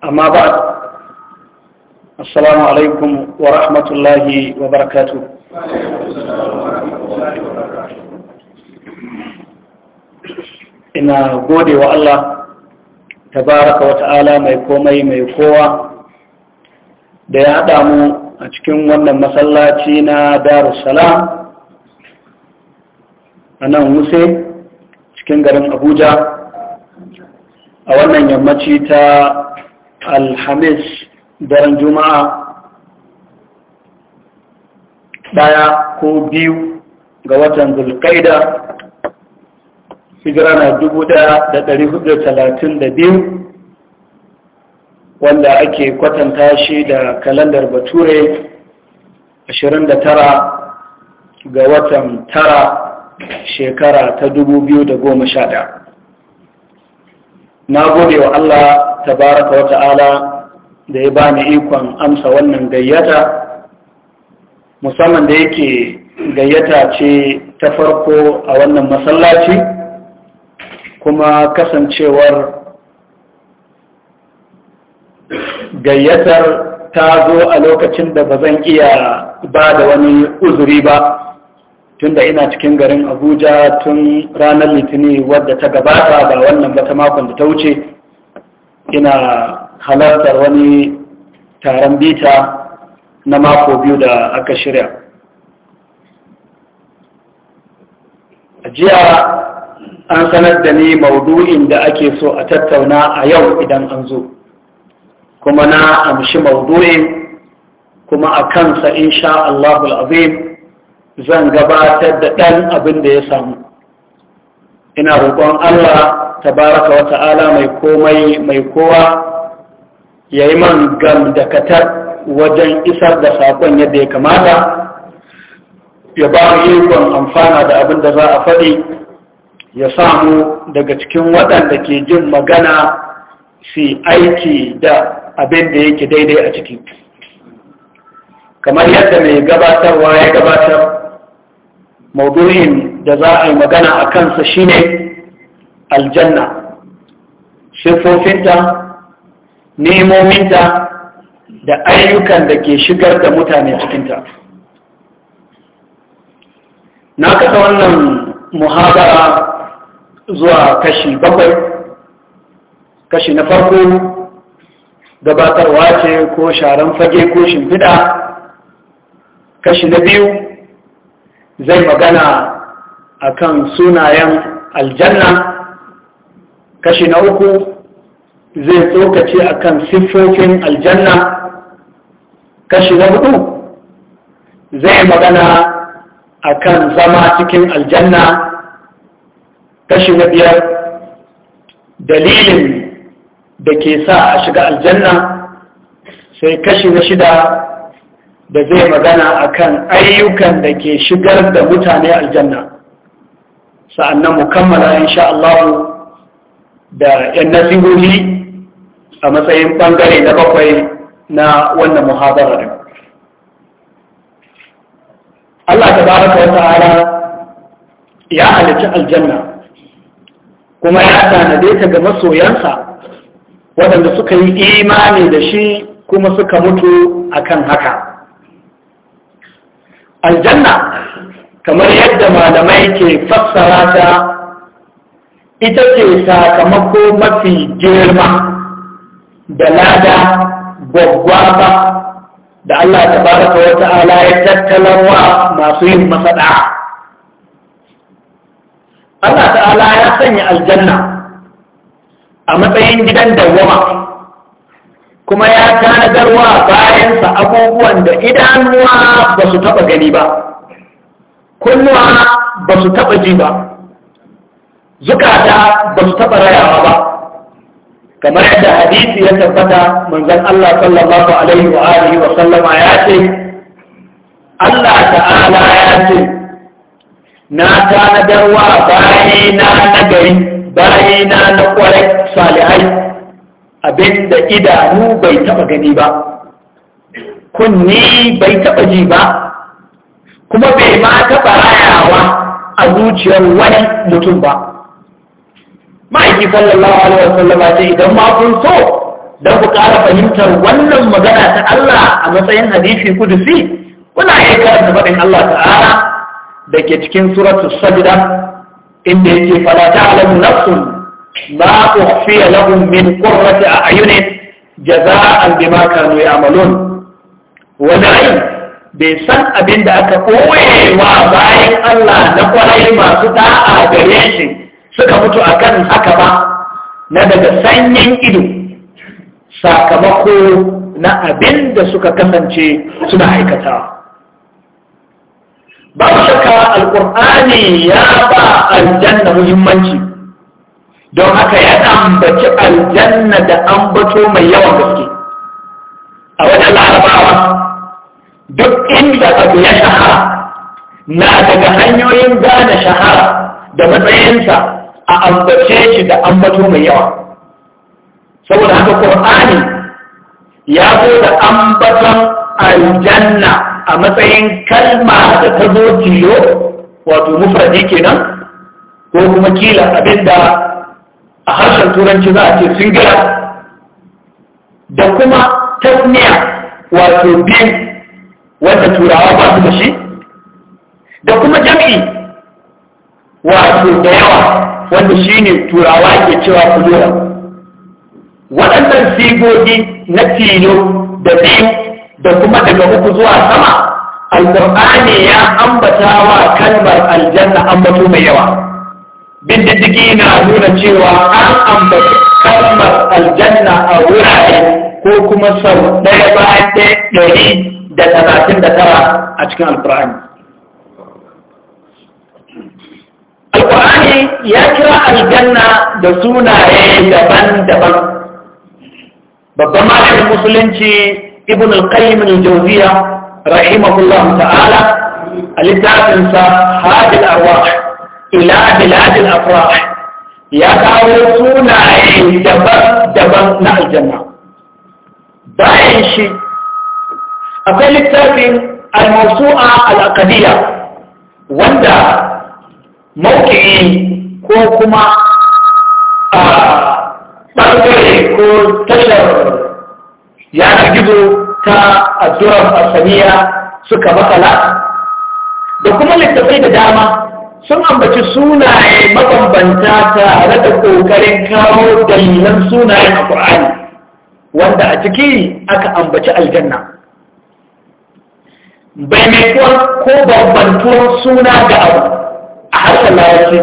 amma ba assalamu alaikum wa rahmatullahi wa barakatu ina gode wa Allah tabaraka wa ta'ala mai komai mai kowa da ya haɗa mu a cikin wannan masallaci na darussalam a nan wuse cikin garin abuja a wannan yammaci ta alhamis daren juma'a ɗaya ko biyu ga watan zulkaida hijira na dubu ɗaya da ɗari talatin da biyu wanda ake kwatanta shi da kalandar bature ashirin da tara ga watan tara shekara ta dubu biyu da goma na gode wa Allah tabaraka wa ta'ala da ya bani ikon amsa wannan gayyata musamman da yake gayyata ce ta farko a wannan masallaci kuma kasancewar gayyatar ta zo a lokacin da ba zan iya ba da wani uzuri ba tunda ina cikin garin abuja tun ranar litini wadda ta gabata ba wannan ba ta makon da ta wuce ina halartar wani taron bita na mako biyu da aka shirya jiya an sanar da ni maudu'in da ake so a tattauna a yau idan an zo kuma na amshi maudu'in kuma a kansa insha Allahul azim zan gabatar da ɗan abin da ya samu ina roƙon Allah tabaraka wa ta'ala mai komai mai kowa ya yi man gamdakatar wajen isar da sakon yadda ya kamata ya ba mu ikon amfana da abin da za a faɗi ya samu daga cikin waɗanda ke jin magana su aiki da abin da yake daidai a ciki kamar yadda mai gabatarwa ya gabatar maudurin da za a yi magana a kansa shine aljanna siffofinta nemominta da ayyukan da ke shigar da mutane cikinta na kasa wannan muhabara zuwa kashi bakwai kashi na farko gabatarwa ce ko sharan fage ko shimfiɗa kashi na biyu zai magana akan sunayen aljanna kashi na uku zai tsokace akan siffofin aljanna kashi na hudu zai magana akan zama cikin aljanna kashi na biyar dalilin da ke sa a shiga aljanna sai kashi na shida da zai magana akan ayyukan da ke shigar da mutane aljanna sa'annan mu kammala insha Allah da 'yan nasihohi a matsayin ɓangare na bakwai na wannan muhabarar. Allah ta baraka wata ta'ala ya halicci aljanna kuma ya tanade ta ga masoyansa waɗanda suka yi imani da shi kuma suka mutu akan haka. Aljanna kamar yadda malamai ke fassara ta ita ce sakamako mafi girma da lada gwaggwaba da Allah ta ta wata ala ya wa masu yin masada Allah ta'ala ya sanya aljanna a matsayin gidan dawwama kuma ya bayan bayansa abubuwan da idanuwa ba su taɓa gani ba kunnuwa ba su taɓa ji ba zukata ba taɓa rayawa ba kamar yadda hadisi ya tabbata manzon Allah sallallahu alaihi wa alihi wa sallama ya ce Allah ta'ala ya ce na tanadarwa bayina na gari bayina na kwarai salihai abinda idanu bai taɓa gani ba kunni bai taɓa ji ba kuma bai ma taɓa rayawa a zuciyar wani mutum ba ma'aiki sallallahu alaihi wasallam ce idan ma kun so dan ku fahimtar wannan magana ta Allah a matsayin hadisi kudusi kuna yi karanta faɗin Allah ta'ala da ke cikin suratu sajda inda yake fala ta'lamu nafsun ma ukhfiya lahum min qurrati a'yunin jaza'an bima kanu ya'malun wani bai san abin da aka koyewa bayan Allah na kwarai masu ta'a gare shi suka mutu a kan haka ba na daga sanyin ido sakamako na abin da suka kasance suna aikata. babu shaka alƙur'ani ya ba aljanna muhimmanci don haka ya ambaci aljanna da ambato mai yawan gaske a wajen larabawa duk inda abu ya shahara na daga hanyoyin gane shahara da matsayinsa a ambace shi da ambato mai yawa saboda haka Qur'ani ya zo da ambaton aljanna a matsayin kalma da ta zo tilo wato mufradi kenan ko kuma kila abinda a harshen turanci za a ce singular da kuma tasniya wato biyu wanda turawa ba su da shi da kuma jam'i wato da yawa wanda shine turawa ke cewa plural waɗannan sigogi na tilo da biyu da kuma daga uku zuwa sama alƙur'ani ya ambata wa kalmar aljanna ambato mai yawa bin diddigi na nuna cewa an ambata kalmar aljanna a wurare ko kuma sau ɗaya bayan ɗaya ɗari da talatin da tara a cikin alƙur'ani alkur'ani ya kira aljanna da sunaye daban-daban babban malamin musulunci ibn al-qayyim al-jawziya rahimahullah ta'ala a littafinsa hadil arwah ila biladil afrah ya kawo sunaye daban-daban na aljanna bayan shi akwai littafin al-mawsu'a al-aqdiyya wanda mawuki'i ko kuma a ɓangare ko tashar yanar gizo ta addu'ar asaniya suka matsala da kuma littattafai da dama sun ambaci sunaye mabambanta tare da ƙoƙarin kawo dalilan sunayen a ƙur'ani wanda a ciki aka ambaci aljanna bai mai ko bambantuwar suna da abu a harshen larabci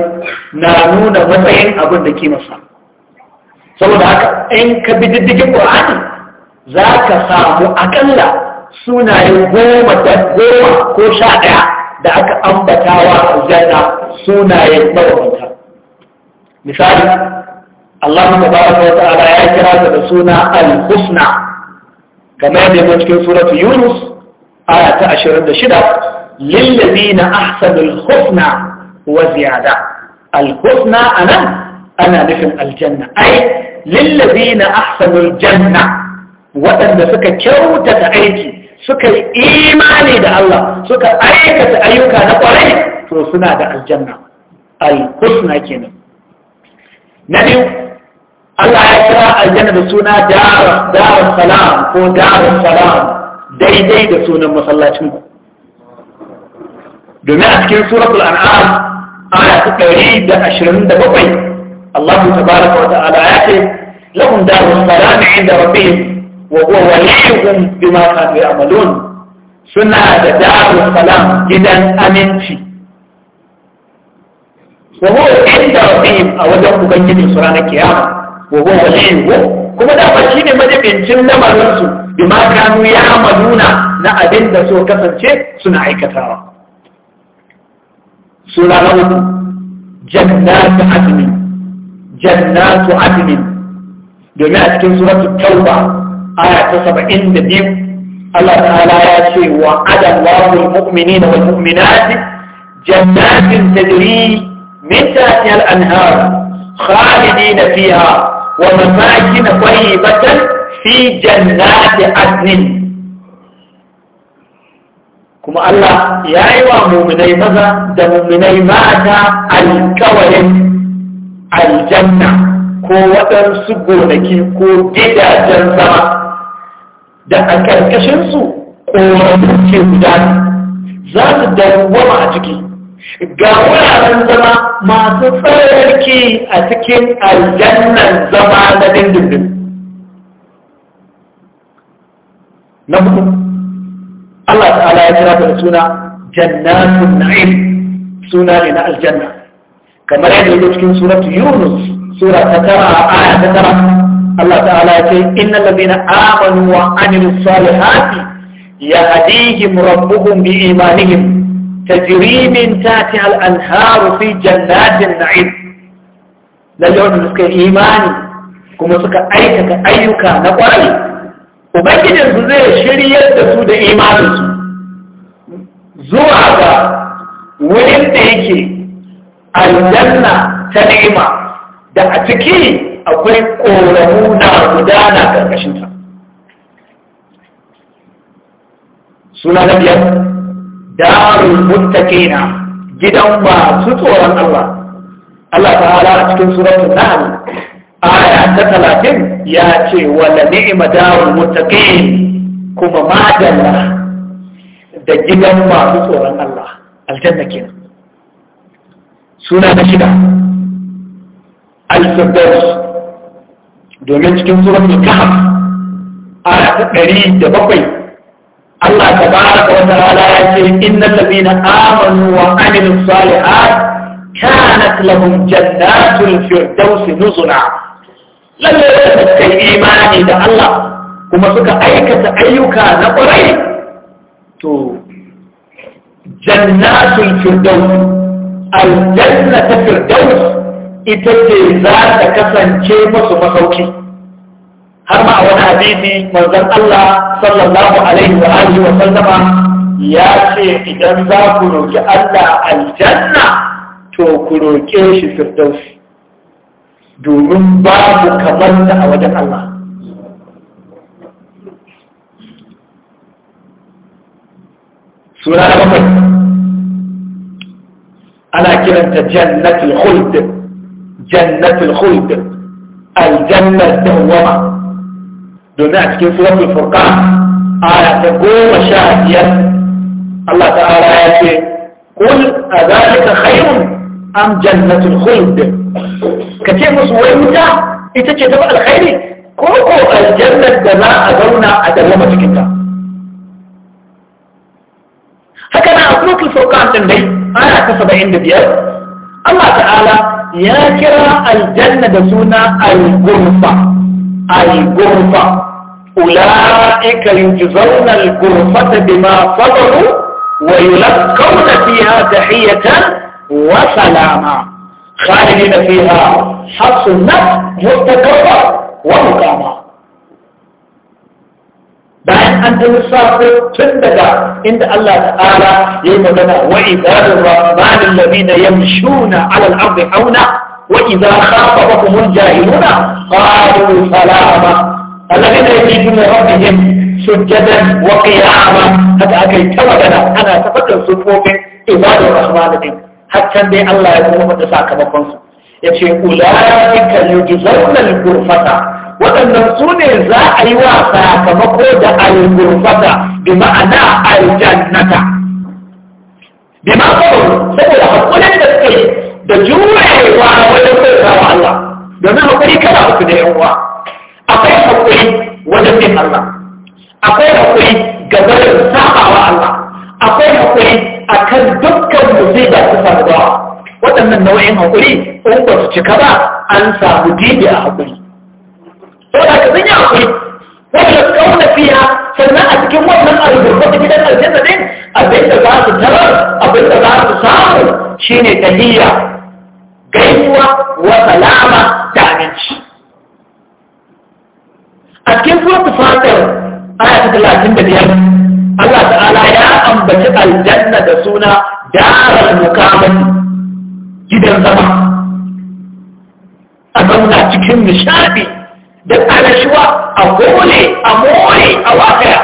na nuna matsayin abin da masa. saboda haka in ka bi diddigin ƙur'ani za ka samu akalla sunayen goma da goma ko sha ɗaya da aka ambatawa aljanna sunayen mawabanta misali Allah tabaraka wa ta'ala ya kira ta da suna al-husna kamar yadda yake cikin suratu Yunus aya ta 26 lil ladina ahsanul husna wa ziyada al-husna anan ana nufin aljanna ai na ahsanul janna waɗanda suka kyautata aiki suka yi imani da Allah suka aikata ayyuka na ƙwarai to suna da aljanna al-husna kenan na biyu Allah ya kira aljanna da suna darus salam ko darus salam daidai da sunan masallacin domin a cikin suratul an'am aya ta ɗari da ashirin da bakwai Allah ta baraka wa ya ce lahum darun salam inda rabbihim wa huwa waliyuhum bima kanu ya'malun suna da darun salam gidan aminci wa huwa inda a wajen ubangijin su ranar kiyama wa huwa waliyuhum kuma da na abinda da kasance suna aikatawa sura na uku jannatu admin jannatu admin domin a cikin suratul tauba aya ta saba'in da biyu Allah ta'ala ya ce wa adam wa mu'minin wal mu'minat jannatin tajri min tahtiha al-anhar khalidin fiha wa masakin batan fi jannati adnin kuma Allah ya yi wa muminai maza da muminai mata alkawarin aljanna ko waɗansu gonaki ko gidajen zama da a ƙarƙashinsu ƙoramun ke guda za su dawwama a ciki ga wuraren zama masu tsararki a cikin aljannan zama na dindindin na ta'ala ya kira ta suna jannatun na'im suna ne na aljanna kamar yadda yake cikin suratu yunus sura ta tara aya ta tara Allah ta'ala ya ce innal ladina amanu wa amilus salihati yahdihim rabbuhum bi imanihim tajri min tahtiha al-anharu fi jannatin na'im lalle wanda suka imani kuma suka aikata ayyuka na kwarai ubangijinsu zai shiryar da su da imaninsu zuwa ga wurin da yake aljanna ta ni'ima da a ciki akwai ƙoramu na gudana ƙarƙashinta suna na biyar darul muttaqina gidan masu tsoron Allah Allah hala a cikin suratun nahl aya ta talatin ya ce ne ni'ima darul muttaqin kuma madalla da gidan masu tsoron Allah aljanna suna na shida al domin cikin tsoron da kahab ɗari da bakwai Allah ta baraka wata rana ya ce inna tafi na amanu wa aminu saliha kana tilabun jannatul firdausi nuzula lalle da kai imani da Allah kuma suka aikata ayyuka na ƙwarai to jannatul firdaus aljanna ta firdaus ita ce za ta kasance masu masauki har ma a wani hadisi manzon Allah sallallahu alaihi wa alihi wa sallama ya ce idan za ku roki Allah aljanna to ku roƙe shi firdaus domin babu kamar da a wajen Allah سوره انا الا كلا جنه الخلد جنه الخلد الجنه المقومه دونك في سوره الفرقان ايات 10 شاهديه الله تعالى يقول قل اذلك خير ام جنه الخلد كتم سويمتا اتجه تبع الخير كوكو الجنه ما اظن ادلمتك انت haka na azmukul furqan din dai ana ta 75 Allah ta'ala ya kira aljanna da suna al-ghurfa al-ghurfa ulaika yujzauna al-ghurfata bima sabaru wa yulqawna fiha tahiyatan wa salama خالدين فيها حسنت مستقرة ومقامة bayan an da lissafo tun daga inda Allah ta'ala ya yi magana wa idarun rahmanin lamina yamshuna alal ardi hauna wa idza khatabahum jahiluna qalu salama alladhina yajiduna rabbihim sujjadan wa qiyama haka yi ta magana ana tafakkar sufofin ibadar rahman din hatta dai Allah ya kuma da sakamakon su yace ulaika yujzauna al-ghurfata waɗannan su ne za a yi wa sakamako da alburfata bi ma'ana aljannata bi ma saboda saboda hakunan da suke da jurewa wajen bauta wa Allah domin hakuri kada su da yawa akwai hakuri wajen bin Allah akwai hakuri ga zarar saba wa Allah akwai hakuri akan dukkan musiba su faruwa waɗannan nau'in hakuri in ba su cika ba an samu dibi a hakuri saboda ka sun yi akwai wanda kauna fiya sannan a cikin wannan albarkatu gidan aljanna din abinda za su tarar abinda za su samu shine tahiyya gaisuwa wa salama da aminci a cikin suratul fatir aya ta talatin da biyar Allah ta'ala ya ambaci aljanna da suna darar mukamati gidan zama a zauna cikin nishadi da annashuwa a gole a more a wakaya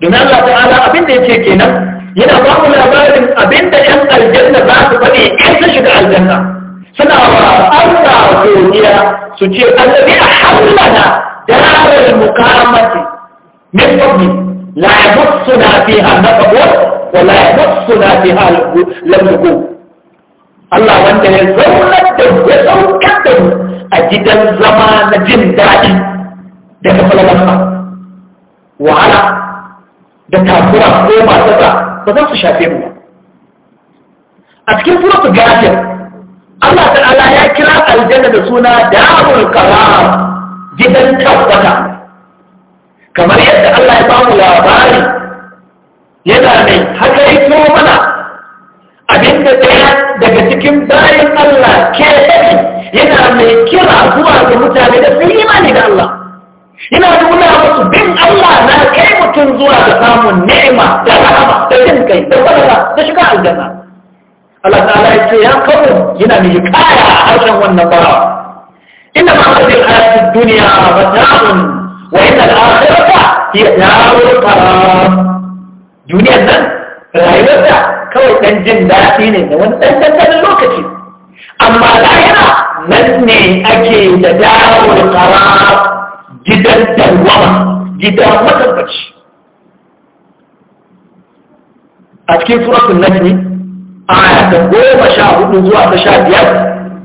domin Allah ta'ala abin da yake kenan yana ba mu labarin abin da ƴan aljanna za su faɗi ƴan su shiga aljanna suna wa Allah godiya su ce annabi a hallana darar mukamati min fadli la yabussuna fiha nafaqun wa la yabussuna fiha lamluqun Allah wanda ya zauna da ya saukar da mu a gidan zama na jin daɗi daga falalarsa wahala da takura ko masu ba ba za su shafe mu a cikin suratu gafir Allah ala ya kira aljanna da suna damar Kara, gidan tabbata kamar yadda Allah ya bamu labari yana mai haka ya mana abinda ɗaya daga cikin bayan Allah ke yana mai kira zuwa ga mutane da su imani da Allah yana nuna musu bin Allah na kai mutum zuwa ga samun nema, da rahama da jin kai da wadala da shiga aljanna Allah ta'ala ya ce ya kawo yana mai kaya a harshen wannan bawa inna ma hadhihi al-hayatid dunya mata'un wa inna al-akhirata hiya darul duniyar nan rayuwarta kawai ɗan jin daɗi ne da wani ɗan tattalin lokaci amma lahira nan ne ake da dawon karar gidan dawama gidan matabbaci a cikin suratun najmi aya ta goma sha hudu zuwa ta sha biyar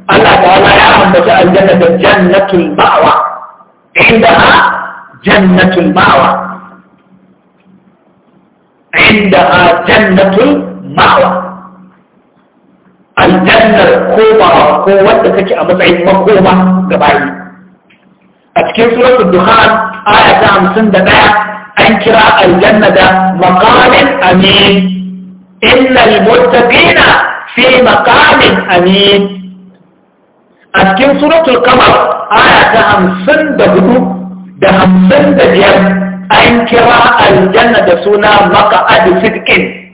Allah ta'ala ya ambaci aljanna da jannatul ma'wa inda jannatul ma'wa عندها جنة bawa aljannar komawa ko wanda kake a matsayin makoma ga bayi a cikin suratul duhan aya ta hamsin da ɗaya an kira aljanna da makamin amin inna muttaqina fi makamin amin a cikin suratul Kamar, aya ta hamsin da hudu da hamsin da biyar an kira aljanna da suna maka'ad sidqin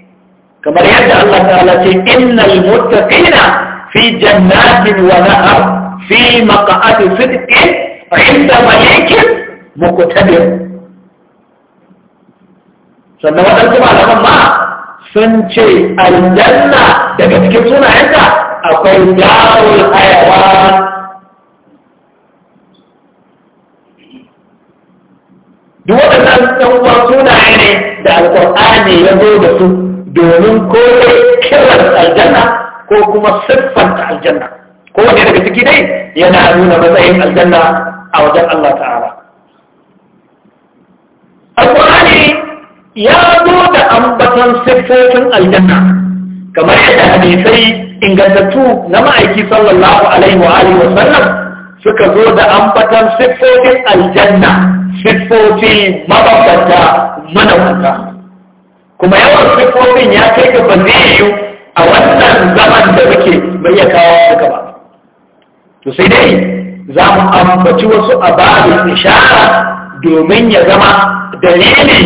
kamar yadda Allah ta'ala ce innal muttaqina fi jannatin wa nahar fi maq'adi sidqin inda malikin muqtadir sannan waɗansu malaman ma sun ce aljanna daga cikin sunayenta akwai darul hayawan duk waɗannan ɗan uwan sunaye ne da alƙur'ani ya zo da su domin ko kiran aljanna ko kuma siffar aljanna ko wanda daga ciki dai yana nuna matsayin aljanna a wajen Allah ta'ala alƙur'ani ya zo da ambaton siffofin aljanna kamar yadda hadisai ingantattu na ma'aiki sallallahu alaihi wa alihi wa sallam suka zo da ambaton siffofin aljanna siffofi mabambanta manawanta kuma yawan siffofin ya kai ga ba zai a wannan zaman da muke bai iya kawo duka gaba to sai dai za mu ambaci wasu a ababen ishara domin ya zama dalili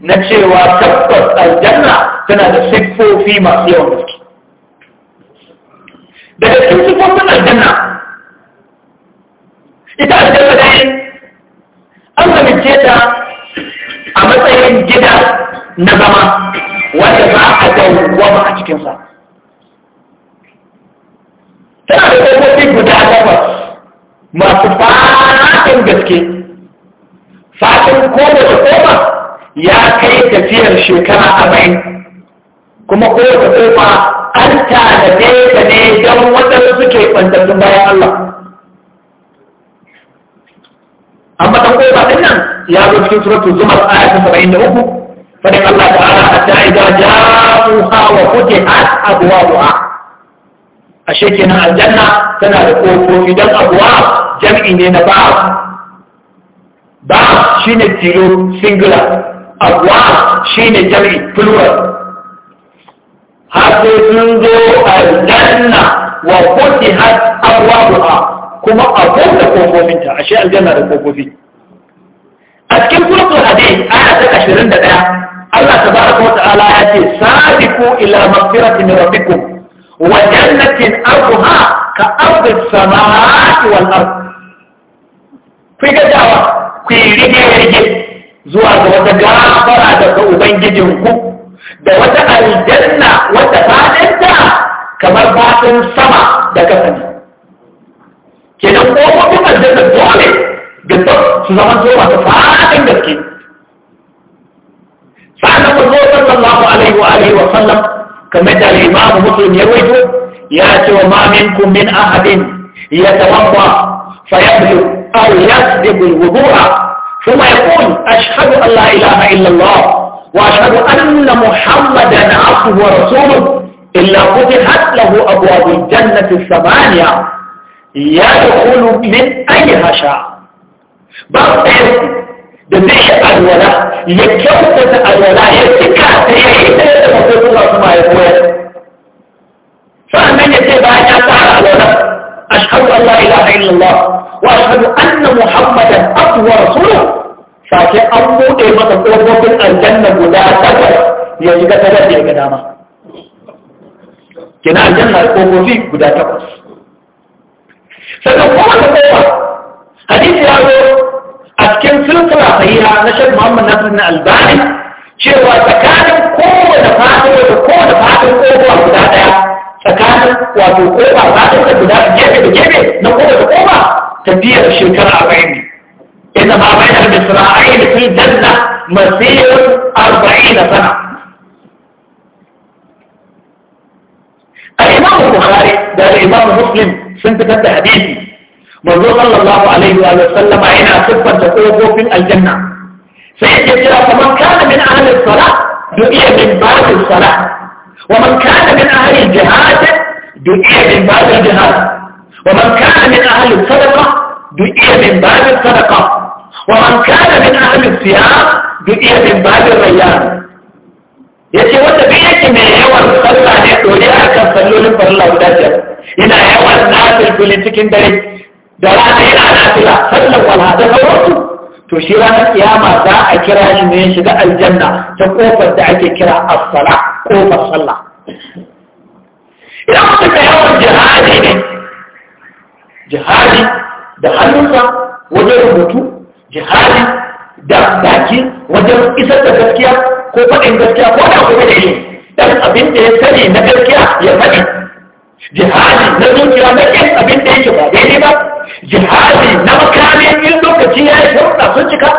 na cewa tabbas aljanna tana da siffofi masu yawan gaske daga cikin siffofin aljanna ita aljanna dai an zamince ta a matsayin gida na zama wanda za a dawwama a cikinsa tana da ƙofofi guda takwas masu fatan gaske fatan da ƙofa ya kai tafiyar shekara arba'in kuma kowace ƙofa an tanade ta ne don waɗanda suke ɓantattun bayan Allah amma ɗan ƙofa ɗin nan ya zo cikin suratul zumar ayatun saba'in da uku فإن الله تعالى حتى إذا جاءوها وفتحت أبوابها أشيكنا الجنة سنة لقوة في دم أبواب جمعين باب باب شين التيلو سنجلر أبواب شين الجمع plural حتى تنزو الجنة وفتحت أبوابها kuma a bude kofofinta ashe aljanna da kofofi a cikin suratul hadid aya ta 21 Allah tabaraka wa ala ya ce sadiku ila maghfirati min rabbikum wa jannatin arduha ka ardi samawati wal ard ku ga dawa ku rige rige zuwa ga wata gafara daga ku da wata aljanna wata fadinta kamar fadin sama da kasa ko kuma kofofin aljanna dole da su zama zuwa ta fadin gaske فعلم الله صلى الله عليه وآله وسلم كما قال الإمام مسلم يرويته يأتي وما منكم من أحد يتوضأ فيبدو أو يسبق الوضوء ثم يقول أشهد أن لا إله إلا الله وأشهد أن محمدا عبده ورسوله إلا فتحت له أبواب الجنة الثمانية يدخل من أيها شاء بعض da zai alwala ya kyautata alwala ya cika ta ya yi ta yadda mafi kuma kuma ya koyar sa'annan ya ce bayan ya tsara alwala ashhadu an la ilaha illallah wa ashhadu anna muhammadan abdu wa rasuluhu sake an buɗe masa ƙofofin aljanna guda takwas ya shiga ta da ya ga dama kina aljanna ƙofofi guda takwas sannan kuma ta kofa hadisi ya zo cikin silsila sahiha na Sheikh Muhammad Nasir na Albani cewa tsakanin kowane fatan da kowane fatan kowa guda daya tsakanin wato kowa kofa fatan da guda gefe da gefe na kowace kofa tafiyar shekara arba'in ne inda ma bayan da Isra'ila fil janna masir arba'ina sana al-Imam Bukhari da al-Imam Muslim sun fitar da hadisi manzo sallallahu alaihi wa sallama yana siffanta kofofin aljanna sai yake cewa faman kana min ahli salat du'iya min ba'di salat wa man kana min ahli jihad du'iya min ba'di jihad wa man kana min ahli sadaqa du'iya min ba'di sadaqa wa man kana min ahli siyam du'iya min ba'di rayyan yace wanda bai yake mai yawan sallah ne dole akan sallolin farilla guda biyar yana yawan nafil cikin dare da rana yana nafila sallan walha da sauransu to shi ranar kiyama za a kira shi ne shiga aljanna ta kofar da ake kira as-sala kofar sallah idan mutum da yawan jihadi ne jihadi da hannunsa wajen rubutu jihadi da baki wajen isar da gaskiya ko faɗin gaskiya ko da kuma da yi ɗan abin da ya sani na gaskiya ya faɗi jihadi na zuciya na yin abin da yake ba daidai ba jihadi na makami lokaci ya yi sharuɗa sun cika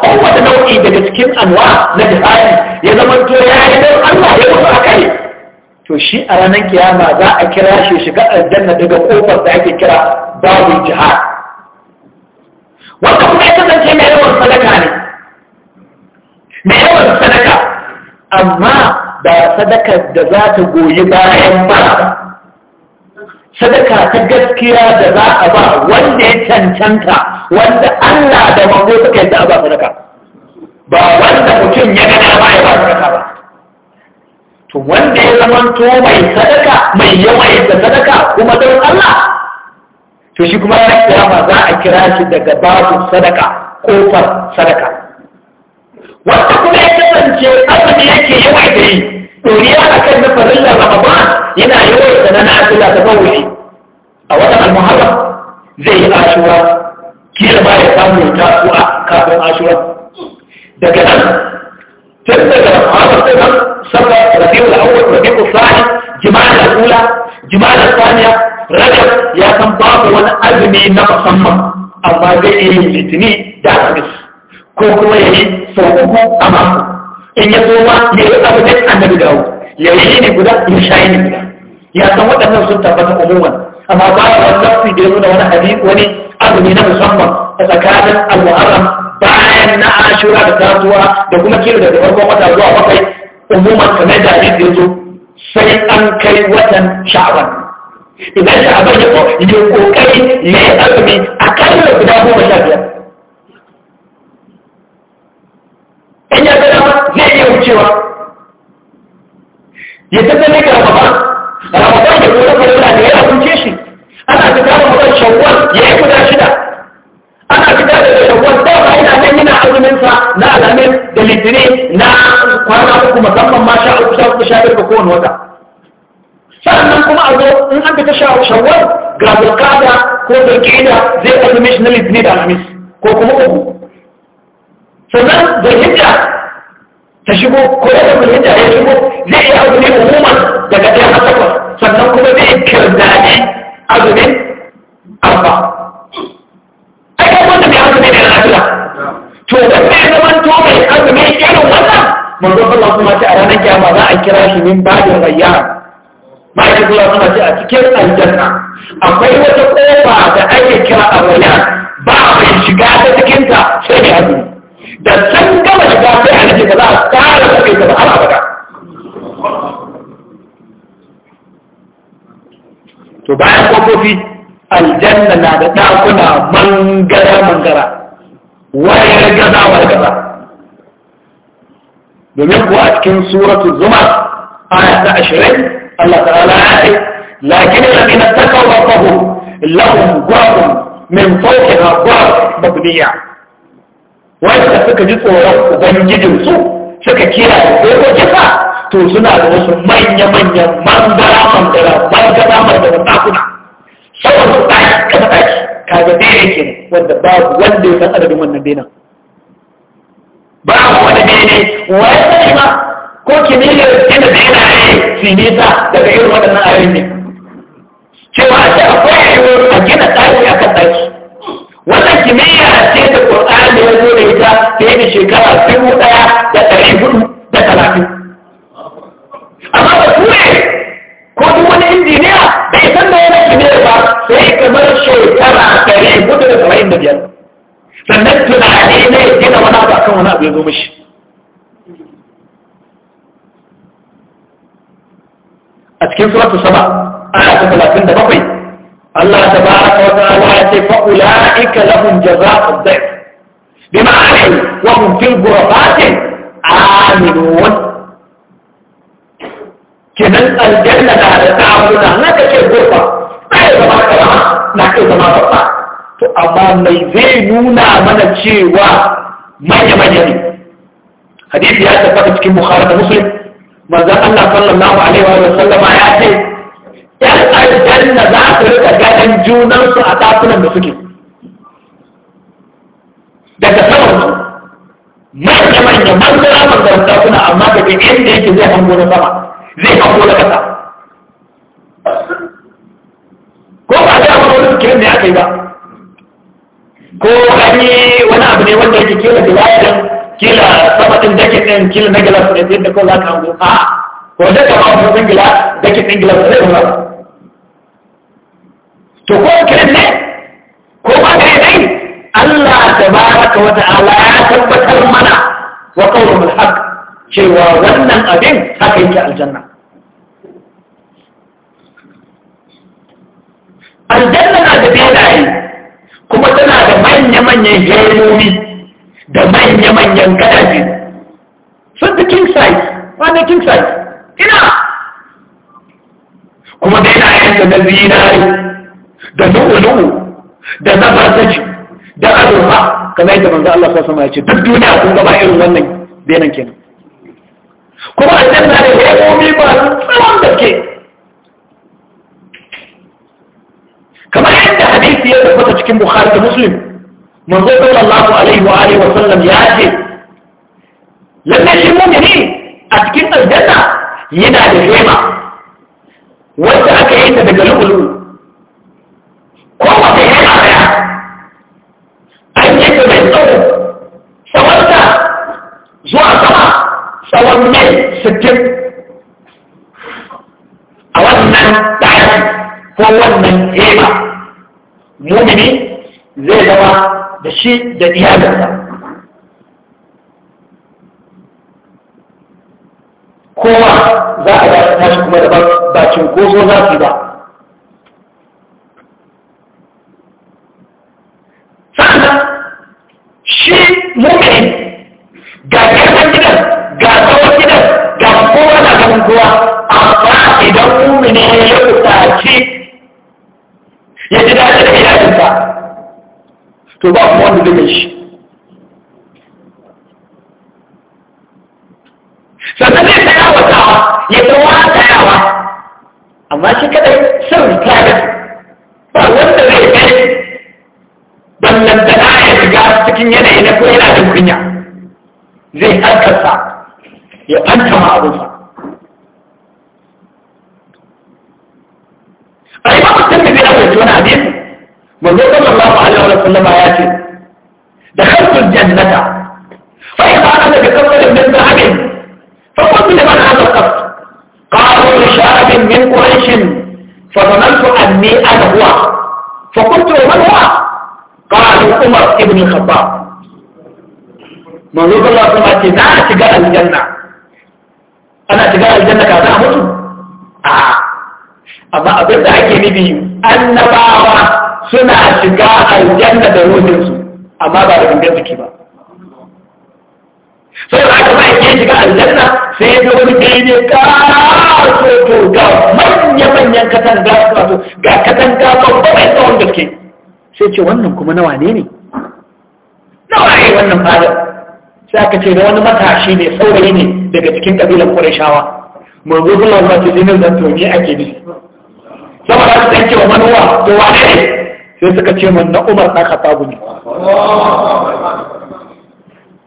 kowace nau'i daga cikin anwa na jihadi ya zama to ya yi don Allah ya mutu a kai to shi a ranar kiyama za a kira shi shiga aljanna daga kofar da ake kira babu jihad wanda kuma ya kasance mai yawan sadaka ne mai yawan sadaka amma ba sadakar da za ta goyi bayan ba sadaka ta gaskiya da za a ba wanda ya cancanta wanda Allah da mako suka yadda ba sadaka ba wanda mutum ya gana ba ya ba sadaka ba to wanda ya zama to mai sadaka mai yawaita sadaka kuma don Allah to shi kuma ya kira za a kira shi daga babu sadaka kofar sadaka wanda kuma ya kasance da yake da yi doriya akan na farilla ba yana yawan sana na asila ta bawuri a watan almuharram zai yi ashura kila ba ya samu ya tasuwa kafin ashura daga nan tun daga ramadan ta nan sabba rabiul awwal da sani jima'a al-ula jima'a al-thaniya rajab ya san babu wani azumi na musamman amma zai yin litini da alhamis ko kuma ya yi sau uku a mako in ya koma ya yi abu da annabi dawo ya ne guda inshai ne guda ya san waɗannan sun tabbata umuman amma ba su wani da ya wani hadisi wani na musamman a tsakanin al-muharram bayan na ashura da tasuwa da kuma kilo daga farkon wata zuwa bakwai umuman kamar da hadisi ya zo sai an kai watan shaban idan shi abin ya yi kokari ya yi azumi a da guda goma sha biyar in ya gada zai iya wucewa ya tattale ka ramadan ramadan da kuma farilla da ya kunce shi ana fita ramadan shawwal ya yi guda shida ana fita daga shawwal da ba yana nan yana azumin sa na alamin da litini na kwana uku musamman ma sha uku sha uku sha biyar kowane wata sannan kuma a zo in an fita sha shawwal ga zulkada ko zulkida zai azumin shi na litini da alamis ko kuma uku sannan da hijja ta shigo ko da kullum da ya shigo zai yi azumi umuman daga ɗaya har takwas sannan kuma zai kirdaɗi azumin arba ai kan wanda mai azumi ne na lafiya to wanda ya zama to mai azumi irin wannan manzo Allah kuma ce a ranar kiyama za a kira shi min bajin rayyara ma'aikin Allah kuma ce a cikin aljanna akwai wata kofa da ake kira a rayyan ba mai shiga ta cikinta sai mai azumi da can gama da gafi a nake ba za a tsara da kai ba har abada to bayan kofofi aljanna na da ɗakuna mangara mangara wayar gaza wayar gaza domin kuwa a cikin suratul zuma aya ta ashirin Allah ta'ala ya ce lakin alladhina taqaw rabbahum lahum ghabun min fawqiha ghabun mabniya wanda suka ji tsoron su, suka kira ko kisa, to suna da wasu manya-manyan mandara mandara mandara mandara takuna. saboda su ɗaki kama ɗaki kaga bene ke wanda babu wanda ya san adadin wannan benen babu wani bene wani sani ma ko kimiyyar da bena ne su nisa daga irin waɗannan ayoyin ne cewa ce akwai yiwuwar a gina ɗaki akan ɗaki wannan kimiyya ce ta ƙur'a سبع تاريخ المدن سبعين مليار فالناس تبقى عليه ليه هنا وانا اقطع كم وانا ابيض ومشي أتكين سورة السبع آية 30 فأولئك لهم جزاء الضعف بما عملوا وهم في الغرفات عاملون كمان الجنة على تعبنا هناك شيء غرفة أي زمان na iya zama babba to amma mai zai nuna mana cewa manya manya ne hadisi ya tabbata cikin bukhari da muslim manzo Allah sallallahu alaihi wa sallam ya ce Ya yan janna za ta rika junan su a tafinan da suke daga saman manya manya sallallahu alaihi wa sallam amma daga inda yake zai hango na sama zai hango na kasa ba su kiran da aka yi ba ko kari wani abu ne wanda yake kila da wayar kila sabatin dakin ɗin kila na gilas da yadda ko za ka hango a ko da ka ba wasu gilas dakin ɗin gilas da zai ba to ko kiran ne ko ba ka yi Allah tabaraka wa ta'ala ya tabbatar mana wa qawlul haqq cewa wannan abin haka yake aljanna aljanna benaye kuma tana da manya-manyan heromi da manya-manyan gadaje sun fi king size wanda king size ina kuma benayensa na zinari da nuhu-nuhu da na fasaji da azurfa kamar yadda manzo Allah sassa ma ya ce duk duniya sun gaba irin wannan benan kenan kuma aljanna da heromi ba tsawon da ke كما عند حديث يثبت في البخاري ومسلم من رسول الله صلى الله عليه واله وسلم ياتي لما يشمون هي اتكين الجنه يدا الجيمه وانت اكيد تقلب له قوه هي عليها اي يكتب الصوت سوالك زوا سوا سوا من سكت ko wannan ema mumini zai zama da shi da iyalinsa kowa za a ba tashi kuma da bakin gozo za su ba sannan shi mummin ga karfin gidan ga tsawon gidan ga kowa na ganin kowa amma idan mumini ya ya ji daɗi da iyalinsa to ba kuma wanda zai shi sannan zai ta yawatawa ya ta wata yawa amma shi kadai ta tare ba wanda zai kai da ya shiga cikin yanayi na ko yana da kunya zai harkarsa ya fanta ma abinsa ji wani hadisi manzo sallallahu alaihi wa sallam ya ce da khalqul jannata fa idza ana bi kafar min zahabin fa qul liman hadha al-qasr qalu li shabin min quraish fa dhanantu anni ana huwa fa qultu man huwa qalu umar ibn al-khattab manzo sallallahu alaihi wa sallam ce na shiga aljanna ana shiga aljanna ka za a mutu a amma abin da ake nufi annabawa suna shiga aljanna da ruhinsu amma ba da gangan jiki ba sai da aka bai ke shiga aljanna sai ya wani kai ne ka to ga manya-manyan katanga wato ga katanga babba mai tsawon gaske sai ce wannan kuma na wane ne na waye wannan fadar sai aka ce da wani matashi ne saurayi ne daga cikin kabilan ƙurashawa manzo zuwa masu jinin zantoni ake nufi zama za su danke wa manuwa ko wane ne sai suka ce min na umar ɗan khattabu ne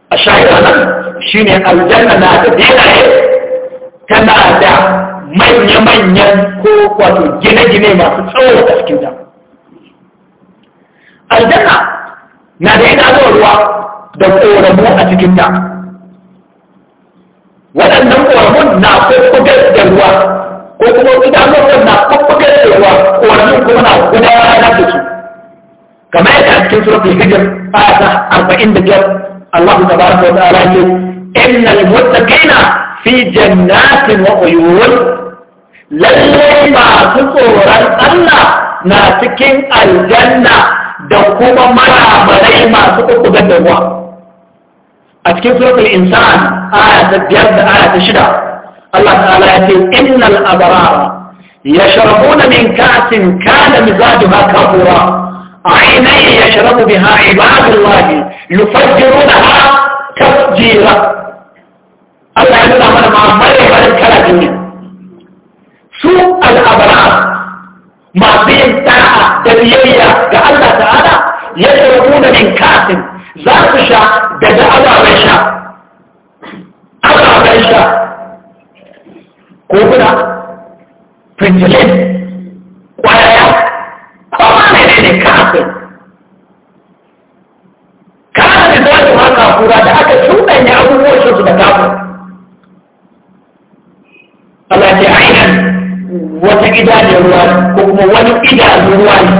a shahira nan shi ne aljanna na da benaye tana da manya-manyan ko wato gine-gine masu tsawo a cikin ta aljanna na da yana zuwa ruwa da ƙoramu a cikin ta waɗannan ƙoramun na kokokar da ruwa ko kuma idanuwan na kukkuke cewa wannan kuma na كما يأتي عن كنسرة الهجر آية 40 بجر الله تبارك وتعالى إن المتقين في جنات وعيون للي ما تصورا الله ناسكين الجنة دقوما مرا مرأي ما تقوك بدوا أتكين سورة الإنسان آية 5 آية 6 الله تعالى يقول إن الأبرار يشربون من كأس كان مزاجها كفرا عيني يشرب بها عباد الله يفجرونها تفجيرا الله يقول لهم مع مرة الكلام سوء الأبرار ما بين ساعة دليلية كالله تعالى يشربون من كأس ذات شاء دجا الله رشا الله رشا kofuna fitilin kwaraya ko ma ne ne kafe kafin da wajen haka kura da aka cuɗanya abubuwan shi su da kafin Allah ce ainihin wata idanun ruwa ko kuma wani idanun ruwa ne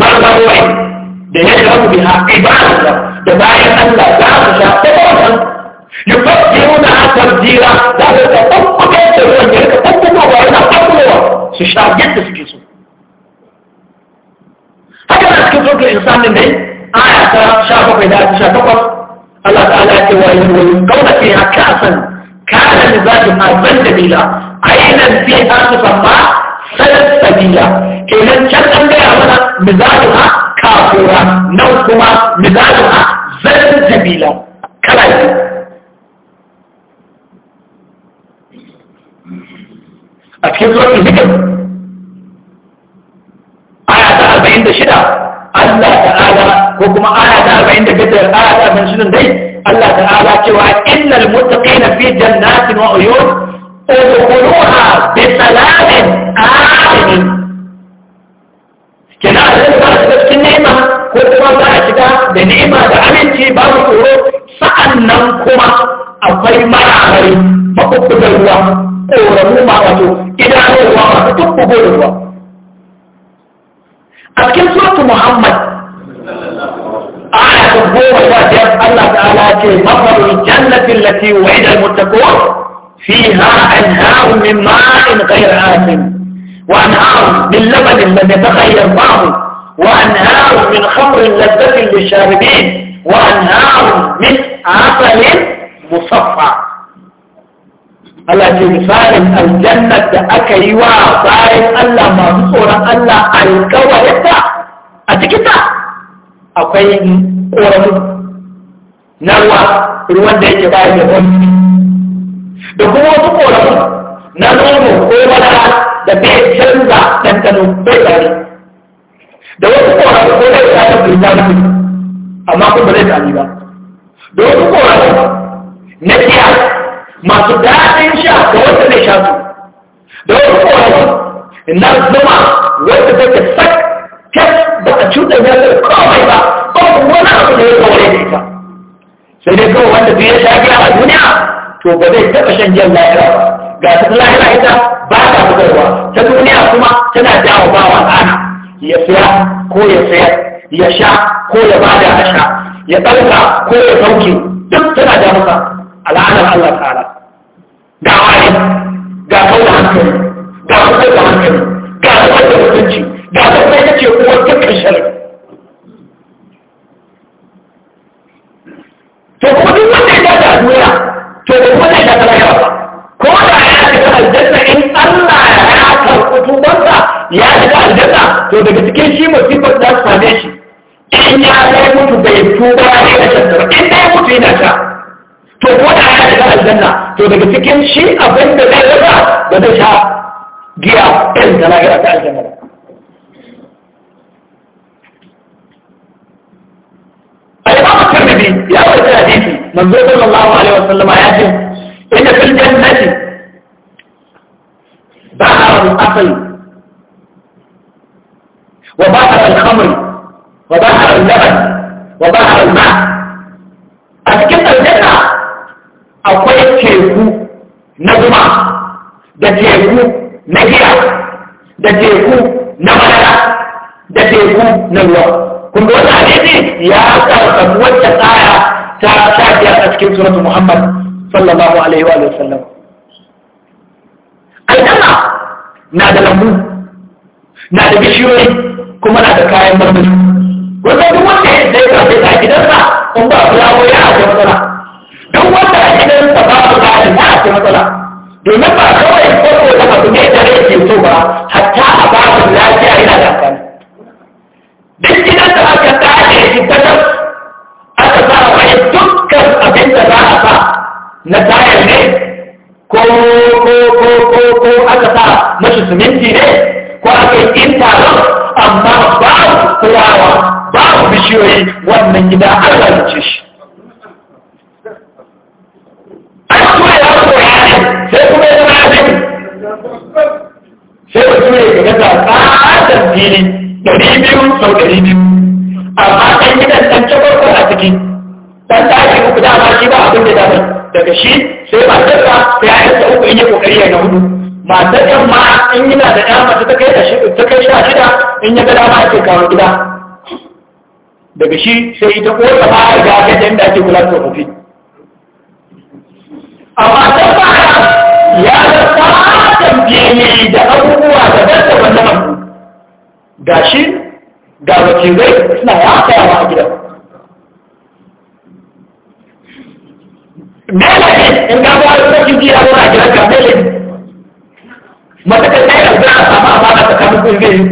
marmarwai da ya rabu a ibadar da bayan Allah za su sha ta yufassiruna tafsira da su ta fakkuta da ruwan ya rika fakkutowa yana fakkutowa su sha yadda suke so haka na cikin sauƙin insanin dai aya ta sha bakwai da sha takwas Allah ta'ala ya ce wa yi wani kaunace ya kasan kana mizajin azan da bila ainihin fiye ta su samma sanar sabila kenan can an gaya mana mizajin ha kafura nan kuma mizajin ha zan sabila kala yi a cikin suratul hijr aya ta arba'in da shida Allah ta'ala ko kuma aya ta arba'in da biyar aya ta arba'in shirin dai Allah ta'ala cewa innal muttaqina fi jannatin wa uyun udkhuluha bi salamin amin kina da ba su cikin ni'ima ko kuma za a shiga da ni'ima da aminci babu tsoro sa'annan kuma akwai marabari makwakwatar ruwa ƙoramu ba wato idanuwa masu tukkugo da ruwa a cikin suratu muhammad a ayatun goma sha biyar allah ta'ala ce mafarin jannatin lati wa'idar mutakuwa فيها أنهار من ماء غير آسن وأنهار من لبن لم يتغير طعمه وأنهار من خمر لذة للشاربين وأنهار من عسل مصفى Allah ce misalin aljanna da aka yi wa bayan Allah masu tsoron Allah alkawarinta a cikinta akwai ƙoron na ruwa ruwan da yake bayan yawon da kuma wasu ƙoron na nono ko madara da bai canza ɗanɗano bai tsari da wasu ƙoramu ko bai tsari bai tsari amma kuma bai tsari ba da wasu ƙoron na biya masu daɗin sha ga wanda zai sha su da wani kowai na zama wanda take sak kes ba a cutar ya zai kawai ba ba wani abu da ya kawai da ita sai dai kawai wanda zai sha biya a duniya to ba zai taɓa shan giyan lahira ba ga ta lahira ita ba ta bugarwa ta duniya kuma tana jawo ba wa ana ya siya ko ya siya ya sha ko ya bada ya sha ya ɗauka ko ya sauke duk tana da masa al'adar Allah ta'ala ga wani ga kau da hankali ga kau da hankali ga kau da mutunci ga kau da kace uwar dukkan shari'a to kuma duk wanda ya dace a duniya to da kuma ya dace yawa ba ko da ya shiga aljanna in Allah ya karɓi tubansa ya shiga aljanna to daga cikin shi musibar za su same shi in ya zai mutu bai tuba ya shiga in ya mutu yana sha to ko da aka shiga aljanna to daga cikin shi abin da zai rasa ba zai sha giya irin ta lahira ta aljanna ba الإمام الترمذي في أول الحديث منذ صلى الله عليه وسلم آياته إن في الجنة بحر الأصل وبحر الخمر وبحر اللبن وبحر الماء أسكت akwai teku na zuma da teku na giya da teku na madara da teku na ruwa kun ga wannan hadisi ya karɓi wacce tsaya ta shafiya a cikin suratu muhammad sallallahu alaihi wa sallam aljanna na da lambu na da bishiyoyi kuma na da kayan marmari wanda duk wanda ya zai karɓi ta gidansa kun ba fulawo ya a matsala duk wanda a gidan sa ba su kayan na ake matsala domin ba kawai farko da abu ne da rai ke so ba hatta a babu lafiya yana da amfani duk gidan da aka tsare shi ta nan aka sa wani dukkan abin da za a sa na tayar ne ko ko ko ko ko aka sa mashi siminti ne ko aka yi intanet amma babu ba babu bishiyoyi wannan gida an lalace shi sai wasu ne ga gaza tsadan fili ɗari biyu sau ɗari biyu amma ɗan gidan ɗan cakwakwa a ciki ɗan ɗaki uku dama shi ba abin da dama daga shi sai matarsa sai ya yasa uku in yi kokari ya na hudu matar ɗan ma in yi na da ɗan mata ta kai sha shida in yi gada ma ake kawo gida daga shi sai ita ko ta ba ga ga yadda ake kula da tsofaffi amma ta ba ya zata addini da abubuwa da daban na mamu ga shi ga wakilai suna ya yasawa a gidan mela ne in ga ba da cikin gida wani a gidan ga mela ne matakan ɗaya za a samu a bana tsakanin kungiyar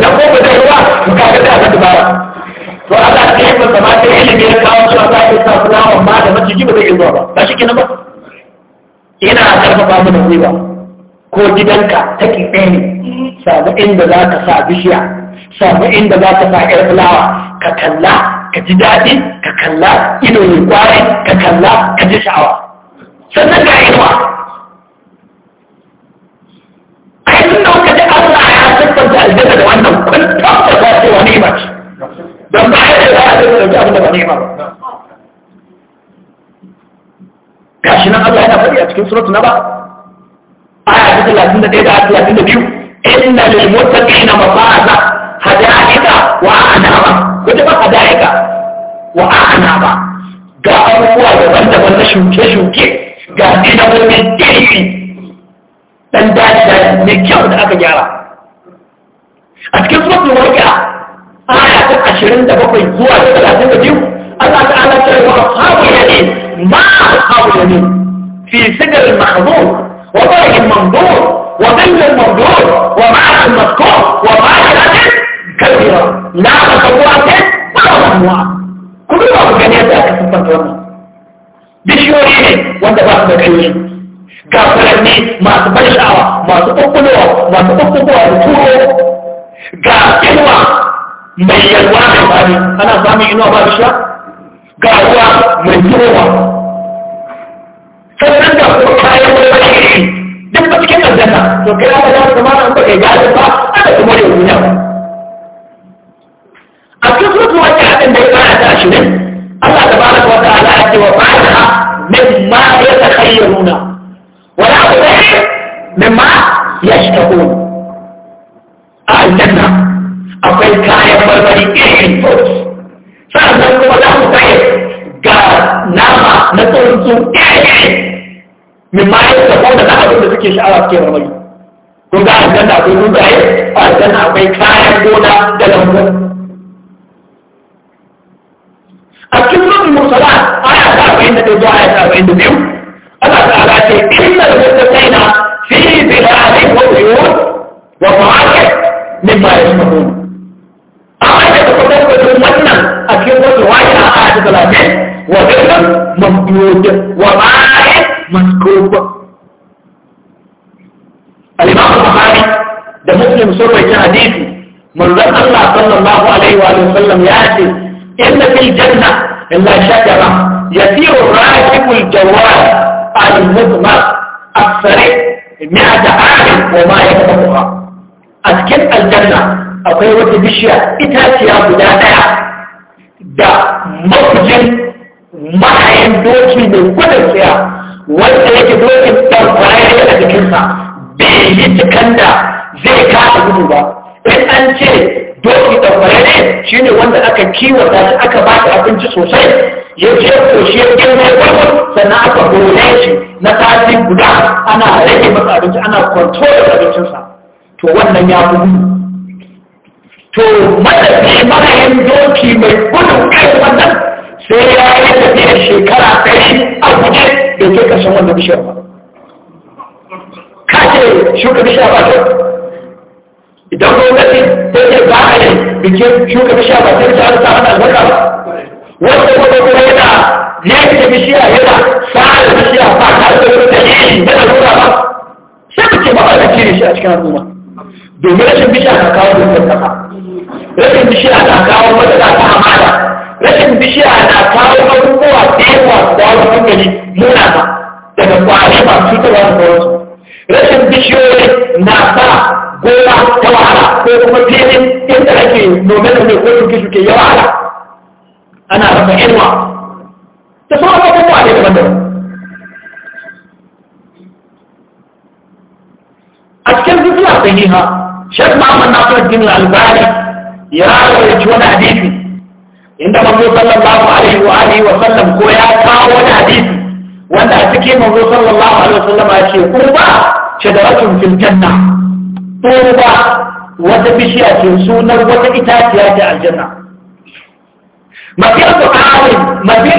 da ko ba zai ruwa ga ga da zai ba to a Allah ya yi ba kamata ilimi ya kawo cewa za a yi sa fulawa ma da maciji ba zai yi zuwa ba ba shi kenan ba ina karfafa mana gwiwa ko gidanka ta ɗaya ne samu inda za ka sa bishiya samu inda za ka sa ƴar fulawa ka kalla ka ji daɗi ka kalla ido ne kwarai ka kalla ka ji sha'awa sannan ga inuwa a yanzu da kuka ji Allah ya siffanta aljanna da wannan kun tabbata cewa ni'ima ce don ba ya da za a siffanta abin da ba ni'ima ba gashi nan Allah yana faɗi a cikin suratu na ba aya ta talatin da ɗaya da talatin da biyu inna lil muttaqina mafaza hada'ika wa anaba ko ba hada'ika wa anaba ga abubuwa daban-daban na shuke-shuke ga dinamomi gefe dan daji da mai kyau da aka gyara a cikin suratu waqi'a aya ta ashirin da bakwai zuwa talatin da biyu Allah ta'ala ta yi wa ashabu yamin مع أصحاب اليمين في سجل المحظور وطرح المنظور وظل المنظور ومعه المذكور ومعه الأجل كبيرة لا مخبوعة ولا ممنوعة كلها إمكانيات أكثر تطورنا بشيورين وانت بقى بكيورين gafuranni masu ban sha'awa masu ƙwaƙwalwa ما ƙwaƙwalwa da turo ما inuwa mai yalwa da bani ana samun inuwa ba da gawa mai yawa sannan da kuma kayan wani duk ba cikin aljanna to kai ka zama kuma an ba kai gadi ba ana kuma da duniya a cikin su wata hadin da ya fara ta shi ne Allah tabaraka wa ta'ala ya ce wa fa'ala mimma yatakhayyaruna wala abu mimma yashtaqun a aljanna akwai kayan marmari irin fruits sannan kuma za mu tsaye ga nama na tsuntsu ƙyaƙyaƙi min ma yi da na abin da suke sha'awa suke marmari kun ga aljan da akwai tsuntsaye aljan akwai kayan gona da lambu a cikin rubin musala aya ta arba'in da ɗaya zuwa aya ta arba'in da biyu Allah ta'ala ce inna da wata tsaina fi bilalin wa uyun wa ma'akar min ma yasmahun amma da ka fitar da duk wannan a cikin wasu wani a ayat talatin wa dukkan mamduda wa ba'a maskuba al-imam bukhari da muslim sun rawaita hadisi manzon Allah sallallahu alaihi wa sallam ya ce inna fil janna illa shajara yasiru rakibul jawad al-muzmar السريع مئة عام وما يكتبها أسكن الجنة akwai wata bishiya itaciya guda daya da mafijin mahayin doki mai gudun tsaya wanda yake dokin ɗan kwayar a jikinsa bai yi cikin da zai kasa gudu ba in an ce doki ɗan kwayar shi ne wanda aka kiwata da aka ba ta abinci sosai ya ce koshi ya ya mai ya sannan aka gole shi na sati guda ana rage masa abinci ana kwantolar abincinsa to wannan ya fi gudu to matafi marayin doki mai gudun kai wannan sai ya yi tafiyar shekara shi a guje da ke ƙarshen wannan bishiyar ba kace shuka bishiya ba ta idan gwamnati ta ce ba a yi bikin shuka bishiya ba ta ta ta hana albarka ba wanda kuma kuma yana yanke bishiya yana sa'ar bishiya ba tare da wani yi na lura ba sai ku ce ba a da shi a cikin al'umma domin rashin bishiya ka kawo da ƙasa rashin bishiya na kawo matsala ta amana rashin bishiya na kawo abubuwa da yawa su dawo hankali muna ba daga kwari masu cutarwa da sauransu rashin bishiyoyi na sa goma ta wahala ko kuma fili inda ake nome da mai ko shuke shuke ya wahala ana rasa ilma da sauran abubuwa ne daban-daban أذكر بطلع بينها شاب محمد ناصر الدين الألباني ya rawaito wani hadisi inda manzo sallallahu alaihi wa alihi wa sallam ko ya kawo wani hadisi wanda a cikin manzo sallallahu alaihi wa sallam ya ce kurba shadaratun fil janna kurba wata bishiya ce sunan wata itaciya ce aljanna Mafiyar su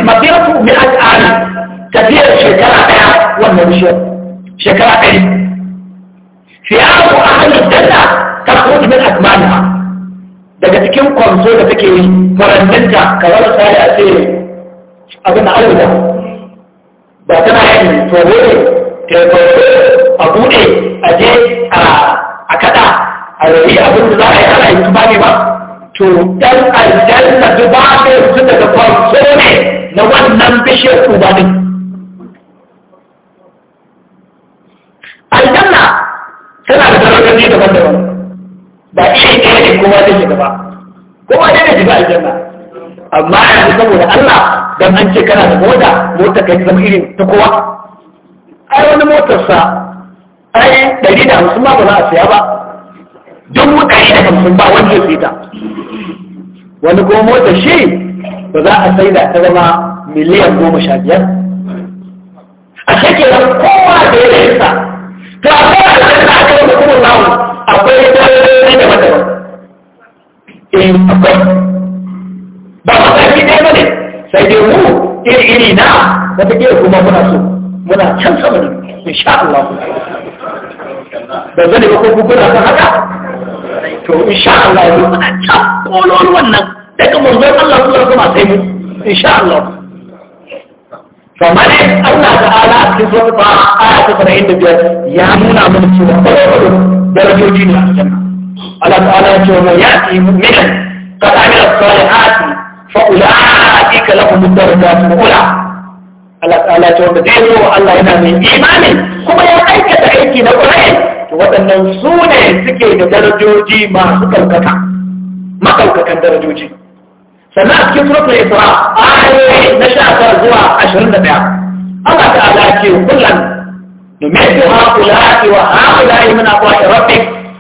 mafiyatu mi'at alim tafiyar shekara ɗaya wannan bishiyar shekara ɗaya fiyaru ahlul janna takhruj min akmaliha daga cikin kwanzo da take yi faranninta ka zama sai a ce abin da ba tana yin tsoro ne taifai a bude a je a kaɗa a rari abin da za a yi ana yi tuba ne ba to dan aljanna duba da yanzu daga kwanzo ne na wannan bishiyar tuba ne aljanna tana da darajoji daban-daban ba shi ne ne kuma ta shiga ba kuma ne ne shiga aljanna amma yanzu saboda Allah dan an ce kana da mota mota kai zama irin ta kowa ai wani motarsa ai ɗari da hamsin ba za a siya ba duk mutane da hamsin ba wanda zai ta wani kuma motar shi ba za a sai da ta zama miliyan goma sha biyar a shekenan kowa da yanayinsa ta akwai aljanna akwai da kuma zamu akwai ta matsaloli daban-daban ne sai dai mu iri-iri na wata kira kuma muna muna can sama zane ba ko kuna ta haka to insha Allah yau muna can kolon wannan daga manzon Allah su zama sai mu insha Allah kamar Allah ta'ala a cikin sura ta 75 ya nuna mana cewa darajoji ne a aljanna Allah ta'ala ya ce wa ya'ti mu'minan qad amila salihati fa ulaika lahum ad-darajatul ula Allah ta'ala ce wa zai zo Allah yana mai imani kuma ya aikata aiki na ƙwarai to waɗannan su ne suke da darajoji masu ɗaukaka maɗaukakan darajoji sannan a cikin suratul isra ayoyi na sha zuwa ashirin da ɗaya Allah ta'ala ce kullan numetu haƙula'i wa haƙula'i muna aqwati rabbik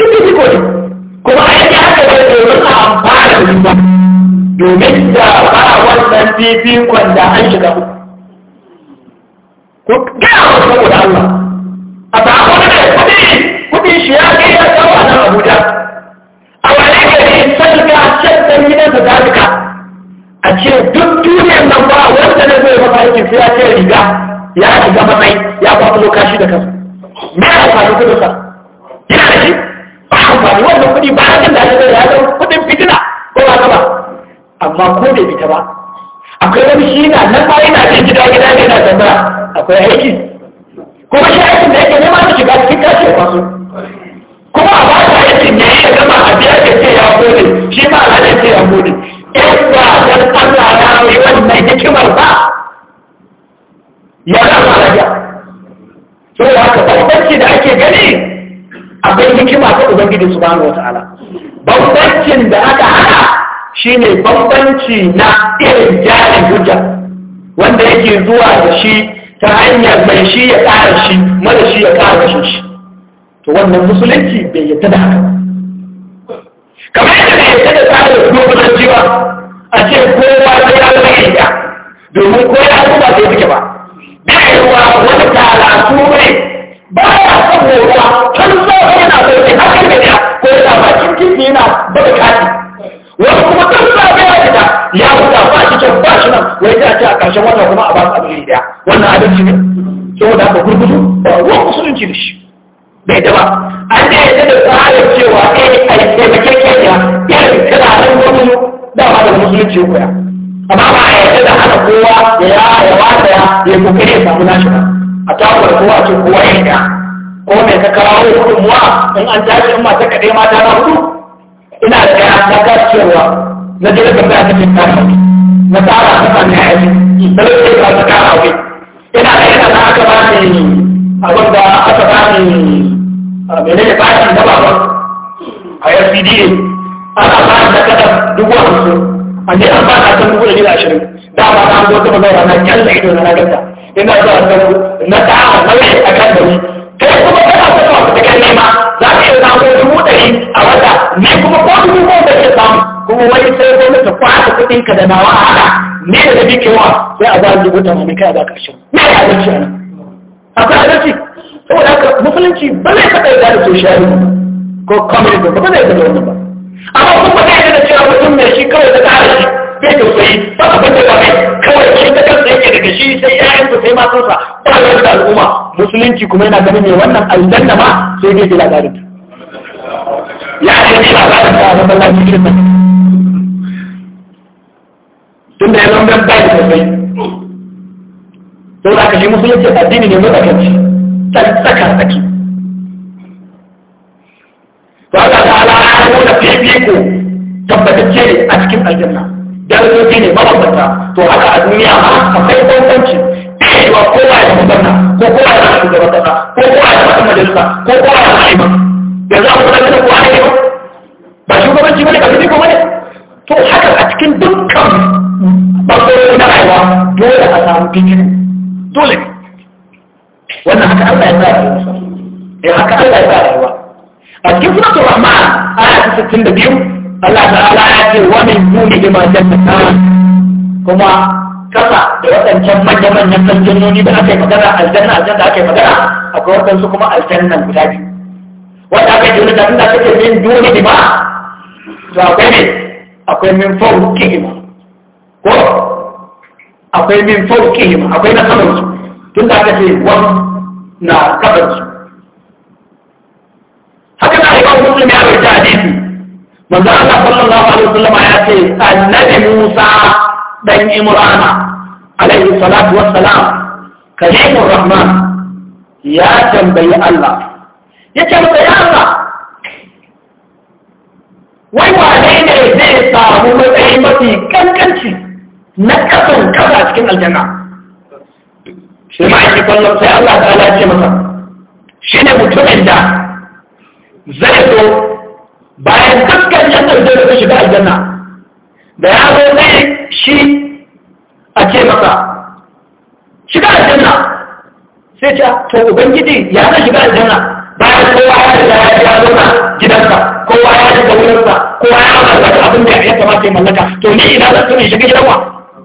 duk da ko kuma a yi haka da domin a amfana da domin da ba wannan fifikon da an shiga ku gaya wa saboda Allah a ba wannan kuɗi kuɗin shi ya kai ya kawo a nan Abuja a wani gari sarka shaddan gidan su zalika a ce duk duniyar nan ba wanda ne zai maka aikin sai ya ce riga ya shiga matsayi ya kwakwalo kashi da kansa me ya faru kudu sa yana da shi ba amfani wannan kuɗi ba hakan da ake ya zama kuɗin fitina ko ba ba amma ko bai fita ba akwai wani shi na nan ba yana jin gida gida ne na zamba. akwai aiki kuma shi aikin da yake nema su shiga cikin kashi ya faso kuma a ba ta aikin ne ya zama a biya ke ce ya gode shi ma alhaji ce ya gode in ba dan Allah ya yi mai hikimar ba ya zama lafiya saboda haka bambanci da ake gani akwai hikima ta ubangiji subhanahu ta'ala. bambancin da aka hana shine bambanci na irin jari hujja wanda yake zuwa da shi ta hanyar mai shi ya ƙara shi mara shi ya ƙara shi shi to wannan musulunci bai yadda da haka kamar yadda bai yadda da tsarin dokokin jiwa a ce kowa sai ya yi ya. domin ko ya ba sai suke ba da yawa wani karatu wai ta ce a ƙarshen wata kuma a ba su abu daya wannan adalci ne saboda ka gurgudu ba ruwan musulunci da shi bai da ba an da yadda da tsarin cewa kai eh, a yi taimakekeniya irin kirarin gwamnati dama da musulunci ya amma ba a yadda da hana kowa ya ya ya da ya ya kokari ya samu nashi ba a tawar kowa ce kowa ya ga ko mai ka kawo gudunmuwa in an tashi in mata kaɗai mata na hudu ina da ya ta cewa na jirgin da ta cikin kare na tsara su kan yayi da ba ta kara wai ina da yana da aka bani abin da aka bani mene ne bashi na baban a FCDA ana bani na kada dubu hamsin a ne an bani a kan dubu da gida ashirin da ba ta zo ta mazaura na kyalla ido na nagarta ina zuwa kan na tsara nauyi a kan da kai kuma kana tafiya da kan nema za ka iya samun dubu ɗari a wata ne kuma ko dubu ko da ke samu kuma wai sai ko mata kwata kudin ka da nawa hada ne da kake kewa sai a ba zuwa ta mai kai ba karshen me ya dace ana akwai zaci saboda haka musulunci ba zai saka yarda da social ko communism ba zai saka wannan ba amma kuma ba zai da cewa mutum ne shi kawai da tsara shi bai tausayi ba abin da ba mai kawai shi ta kansa yake daga shi sai ƴaƴansa sai matansa ba zai da al'umma musulunci kuma yana ganin ne wannan aljanna ma sai dai ji labarin ya ce labarin ta a masallaci kirkin tun da ya zama ban bai sosai sau da aka shi musulunci addini ne matsakanci tsaka tsaki to Allah ta'ala ya nuna fifiko tabbatacce ne a cikin aljanna darajoji ne mabambanta to haka a duniya ma akwai bambanci cewa kowa ya bambanta ko kowa ya zama shugaban kasa ko kowa ya zama majalisa ko kowa ya zama imam yanzu a kuma da kowa ne ba shugabanci bane ba fifiko to haka a cikin dukkan ɓangarori na rayuwa dole a samu fikiru dole wannan haka Allah ya tsara rayuwa eh haka Allah ya tsara rayuwa a cikin suratul rahman aya ta 62 Allah ta'ala ya ce wa min duni lima jannatan kuma kasa da waɗancan manya-manyan aljannoni da ake yi magana aljanna aljanna aka yi magana akwai waɗansu kuma aljannan guda biyu wanda aka yi jini da inda kake min duniya lima to akwai ne akwai min fawqihima ko akwai min fauqihim akwai na kabar su tun da aka ce wani na kabar su haka na yi ai muslim ya rawaita hadisi manzo Allah sallallahu alaihi wasallam ya ce annabi Musa dan Imran alaihi salatu wassalam kalimur rahman ya tambayi Allah ya ce ya Allah wai wane ne zai samu matsayi mafi kankanci na kasan kasa a cikin aljanna shi ma ake kwallon sai Allah ta ala ce masa shi ne mutumin da zai zo bayan dukkan yan aljanna ta shiga aljanna da ya zo zai shi a ce masa shiga aljanna sai ta ah, to ubangiji ya zai shiga aljanna bayan kowa ya riga ya ya zauna gidansa kowa ya riga wurinsa kowa ya mallaka abin da ya kamata ya mallaka to ni ina zan so in shiga gidan wa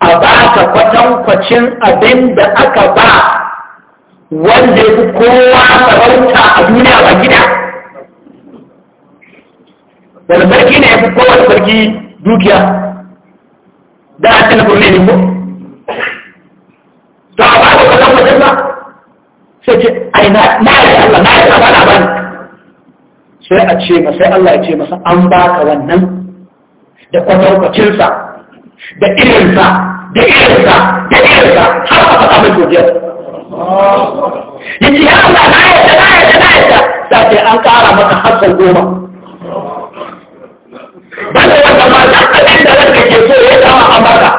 a ka kwatankwacin abin da aka ba wanda ya fi kowa sarauta a duniya ba gida wani sarki ne ya fi da sarki dukiya da a cikin kurne ne ko to a ka kwatankwacin ba sai ce ai na yi Allah na yi Allah na bani sai a ce masa sai Allah ya ce masa an baka wannan da kwatankwacinsa da irinsa da irinsa da irinsa har ka faɗa mai godiyar yace ya Allah na yadda na yadda na yadda sai an ƙara maka hassan goma ba da wanda ma za ka da wanda ke so ya kama a baka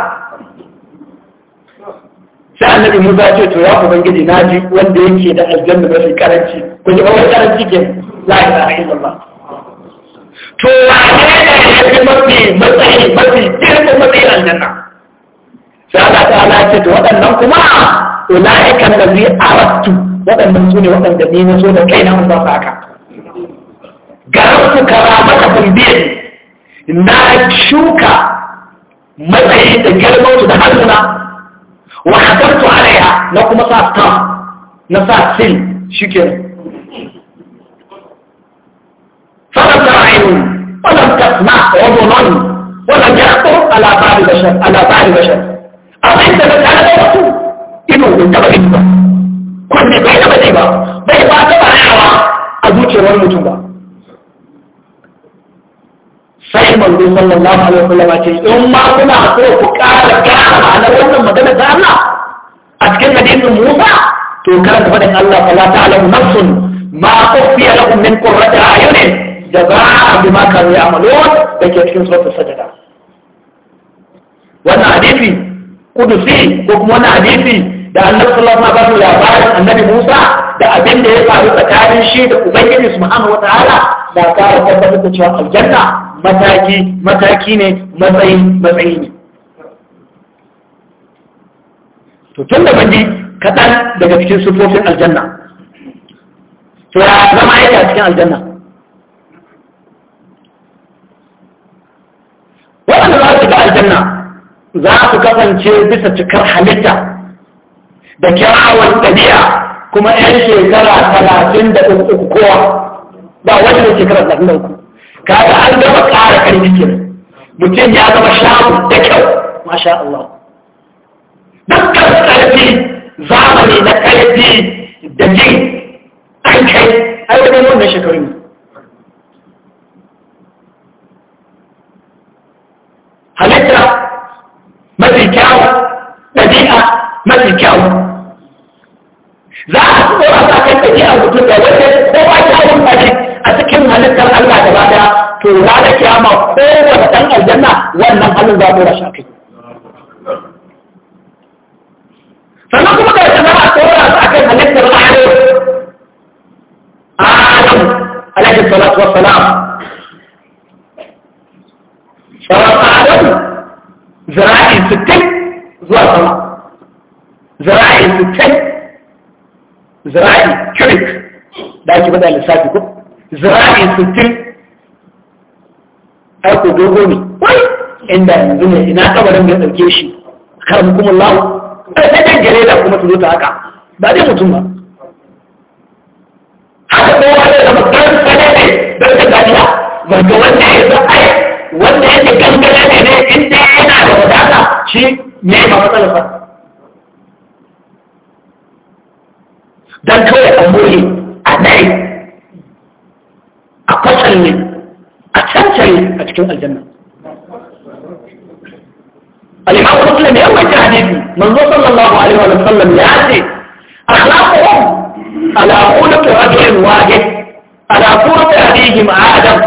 sai annabi Musa ce to ya ubangiji na ji wanda yake da aljanna mafi karanci ku ji ba wani karanci ke la ilaha illallah to wane yana ya fi mafi matsayi mafi girman matsayin aljanna sai Allah ta ala ce to waɗannan kuma Na yi ulaika allazi arattu waɗannan sune waɗanda ni na so da kaina mun ba su haka garin karamata tambayar na shuka matsayi da girman su da hannuna wa hadartu alaiha na kuma sa ta na sa sil shikenan فلم ترى عينون ولم تسمع عضنا ولم يخطر على بعض بشر على بعض بشر أو عند مسألة الرسول إنه من قبل إبا كل من قبل إبا إبا بيضا تبع حرام أبوك والمتوبة صحيح من صلى الله عليه وسلم أتي إما كنا أخوفك على كعب على وزن مدنة أمنا أتكلم دين موسى تو كان تبدأ الله فلا تعلم نفس ما أخفي لكم من قرة أعينه Da za a jaza'a bima kanu ya'malun da ke cikin suratul sajada. Wani hadisi kudusi ko kuma wannan hadisi da annabi sallallahu alaihi wasallam labarin annabi Musa da abin da ya faru tsakanin shi da ubangiji subhanahu wataala da kara tabbatar da cewa aljanna mataki mataki ne matsayi matsayi ne to tun da banji kaɗan daga cikin sufofin aljanna to ya zama yake a cikin aljanna waɗanda za su ga aljanna za su kasance bisa cikar halitta da kyawun ɗabi'a kuma 'yan shekara talatin da uku kowa ba wanda da shekara talatin da uku kaga an gama ƙara ƙarfi kenan mutum ya zama shamu da kyau masha Allah dukkan ƙarfi zamani na ƙarfi da jin an kai ai wani wannan shekarun halitta mafi kyawu ɗabi'a mafi kyawu za a tsora sa kai ɗabi'a mutum da wanda kowa kyawun ɗabi a cikin halittar Allah da ba daya to ranar kiyama kowane ɗan aljanna wannan halin za mu rasha kai sannan kuma da wata za a tsora sa kai halittar ado adam alaihi salatu wassalam sharafa adam zira'i sittin zuwa sama zira'i sittin zira'i cubic da ake bada lissafi ko zira'i sittin aiko dogo ne wai inda yanzu ne ina kabarin da ɗauke shi karin kuma lawo ɗaya ta dangare da kuma su zo ta haka ba dai mutum ba haka kowa zai zama ɗan sanai ne don ta gajiya wanda wanda ya zai wanda ya ce kankana ne ne in dai yana da wadata shi me ba matsalar ba dan kawai a more a dare a kwatsar a cancare a cikin aljanna الإمام مسلم يوم الجهدين منذ صلى الله عليه وسلم يأتي أخلاقهم على خلق رجل واحد على صورة أبيهم آدم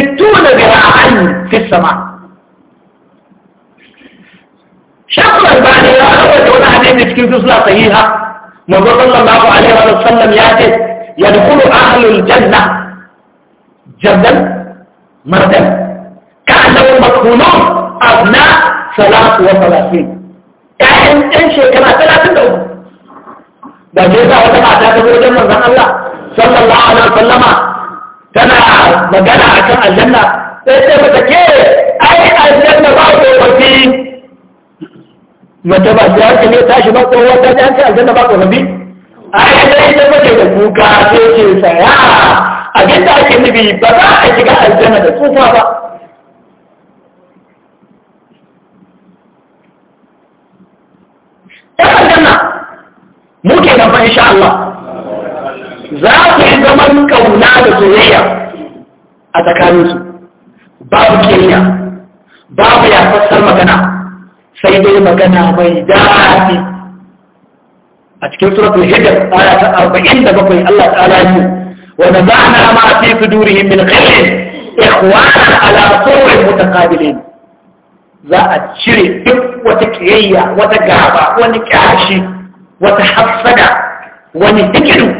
ستون ذراعا في السماء شخصا بعد يرغب هنا عليه مسكين تصلى صحيحة نبي صلى الله عليه وسلم ياتي يدخل أهل الجنة جدا مردا كأنهم مدخولون أبناء ثلاث وثلاثين كأن يعني إن كما ثلاثين دوم ده جيسا وتبع تاتي بوجه الله صلى الله عليه وسلم tana magana a kan aljanna sai sai mata ke ai aljanna ba tsofaffi mata ba su hankali ta tashi ba kowa ta ce hankali aljanna ba tsofaffi ai sai ta mace da kuka sai ce saya abinda ake nufi ba za a shiga aljanna da tsufa ba ɗan aljanna mu kenan fa insha Allah za ku yi zaman kauna da soyayya a tsakaninsu babu kiyayya babu fassar magana sai dai magana mai daɗi a cikin suratul hijr aya ta 47 Allah ta'ala ya ce wa nazana ma fi sudurihim min ghillin ikhwana ala surin mutaqabilin za a cire duk wata kiyayya wata gaba wani kyashi wata hafsada wani dikiru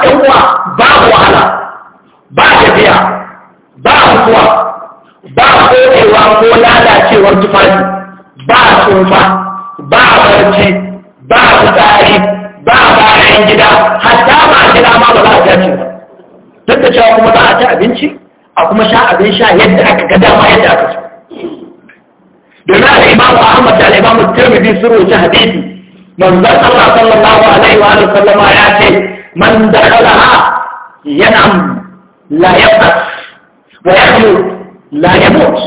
ɗan uwa ba wahala ba tafiya ba kuwa ba kodewa ko lalacewar tufafi ba tsufa ba barci ba tsari, ba bayan gida hatta ba gida ma ba za a tashi ba duk da cewa kuma za a ci abinci a kuma sha abin sha yadda aka ga dama yadda aka so a imam ahmad da imam tirmidhi sun rubuta hadisi manzon Allah sallallahu alaihi wa sallama ya ce من دخلها ينعم لا يبأس ويخلو لا يموت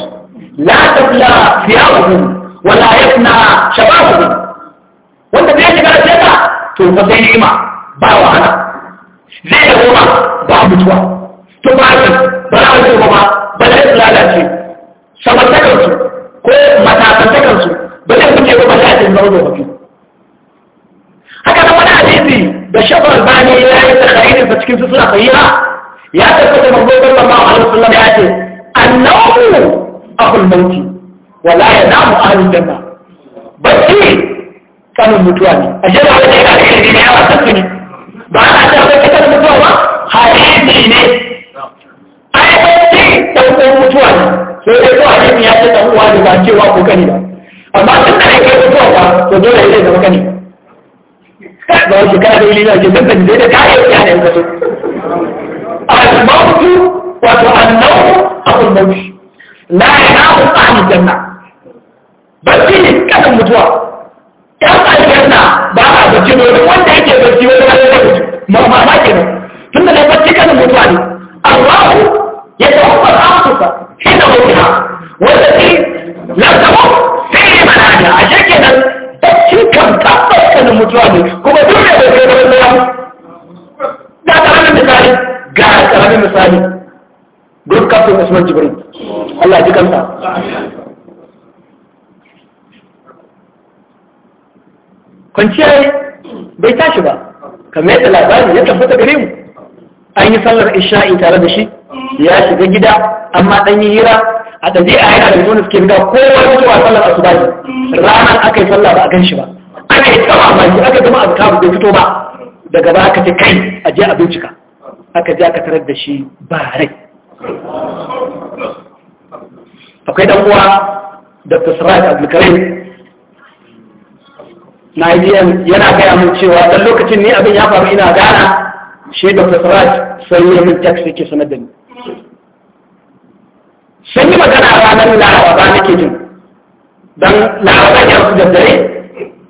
لا تبلى ثيابهم ولا يفنى شبابهم وانت بيجي على الجنة to zai ni'ima ba wahala zai da goma ba mutuwa to ba su ba za su ba ba za su lalace samartakarsu ko matasantakarsu ba zai kuke ba ba za su zama da mafi haka nan wani hadisi da shafar bani ya yi ta khairin ta cikin suna sahiha ya tabbata manzo sallallahu alaihi wasallam ya ce annahu akhul mauti wala yanamu ahlul janna bacci kanin mutuwa ne a jira wani ya da shirki ne ya tafi ne ba a tabbata ta mutuwa ba hadisi ne ai bacci dan uwan mutuwa ne sai dai ko hadisi ya ce dan uwa ne ba cewa ko kani ba amma tun da ke mutuwa ba to dole ne zama kani ba wasu kada da wuli na ce ban ban da kayan yanayin wasu al-mautu wato annahu akul mauti la yanahu ahlul janna bacci ne kasan mutuwa yan aljanna ba a bacci ne wanda yake bacci wani ranar ma mutu mamma ke nan Tunda da na bacci kasan mutuwa ne allahu ya tawafa afusa shi da mutuwa wanda ke lantarki sai ya mana da a shekenan kan tabbas kanin mutuwa ne kuma duk da bai kai wani da ga karamin misali ga karamin misali duk kafin usman jibrin Allah ji kansa kwanciyar bai tashi ba kamar yadda labarin ya tabbata gare mu an yi sallar isha'i tare da shi ya shiga gida amma ɗan yi hira a ɗabi'a yana da wani suke riga kowa mutuwa sallar asuba ne ranar aka yi sallah ba a gan shi ba aka yi tsama maki aka zama a bai fito ba daga ba aka ce kai a je a bincika aka je aka tarar da shi ba rai akwai dan uwa dr siraj abdulkarim na yana gaya mun cewa dan lokacin ne abin ya faru ina gana shi dr siraj sai ya min taxi ke sanar da ni sun yi magana ranar laraba ba nake jin don laraba ya su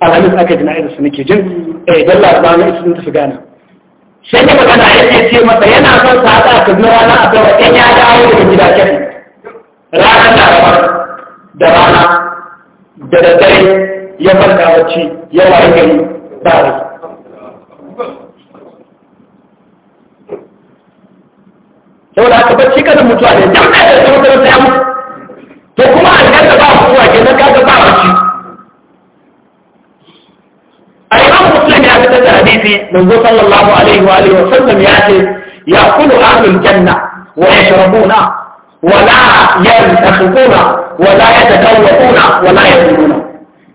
alhamis aka jana'izar su nake jin eh dan laraba na isin tafi gana sai ya magana yake ce masa yana son sa haɗa ka zuwa na asabar ɗan ya dawo da gida kyan ranar laraba da rana da daddare ya farka wacce ya waye gari ba rai saboda haka bacci kasan mutuwa ne dan da sauran sai ya mutu to kuma da ba mutuwa ke na kaga ba bacci الأخرص لحي عدد الحديث منذ صلى الله عليه وآله وسلم يأتي يأكل أهل الجنة ويشربون ولا ينتخفون ولا يتكوّقون ولا يدلون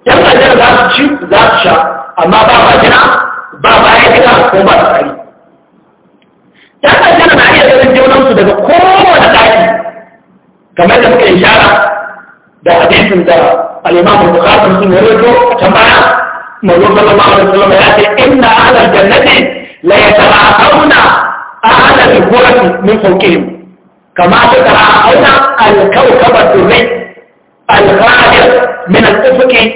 جمع جمع ذات شب ذات شب أما بابا جنة بابا يدلع كوبا تخير جمع جمع معي أجل الجونة مصدق كوبا تخير كما يتبقى إشارة ده حديث من ذا الإمام المخاطر مصدق كما موجود صلى الله عليه وسلم يقول إن أهل الجنة ليتلعقون أهل الكرة من فوقهم كما تتلعقون الكوكب الدري الغادر من الأفق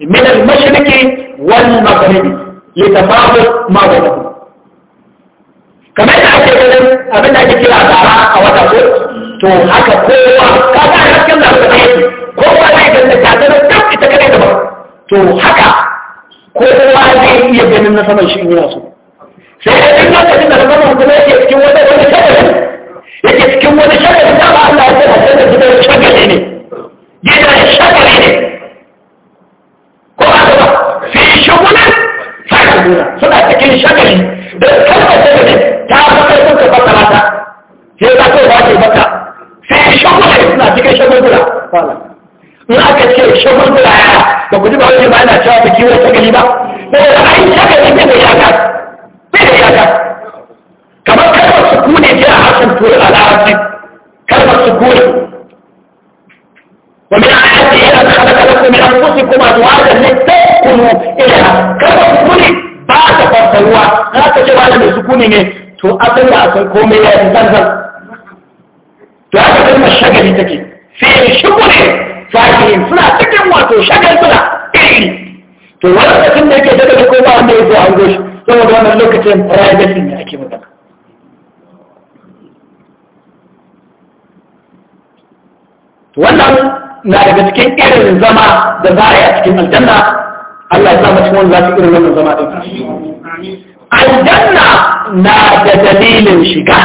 من المشرك والمغرب لتفاضل ما بينهم كما يتعطي قلن أبدا جيكي لأسارا أو تقول تو قوة كما يتعطي قلن أبدا جيكي قوة لأسارا تو حكا iya ganin na saman shi yana so sai da duk lokacin da na saman kuma yake cikin wata wani shagali yake cikin wani shagali da ba Allah ya tsaya sai da gidan shagali ne gidan shagali ne ko a gaba fi shugulan fa'aluna suna cikin shagali da kalmar ne ta fi karfin ka bata mata sai ta so ba ke bata fi shugulan suna cikin shagulgula fa'aluna in aka ce shagulgula ya ba ku ji ba wani ba yana cewa ta kiwon shagali ba saboda an shaka shi da yaka sai da yaka kamar kalmar sukuni ce a harshen turai a larabci kalmar sukuni ومن آياته أن خلق لكم من أنفسكم أزواجا لتسكنوا إليها كما سكوني بعد فرسلوا لا تجب على من سكوني ne to abin da akwai komai ya yi zanzan to haka kalmar shagali take sai shugure sahihin suna cikin wato shagal suna iri to lokacin da yake daga da kowa wanda ya zo an goshi saboda wannan lokacin privacy ne ake magana wannan na daga cikin irin zama da za a yi a cikin aljanna Allah ya sa mutum wani za su irin wannan zama ɗin aljanna na da dalilin shiga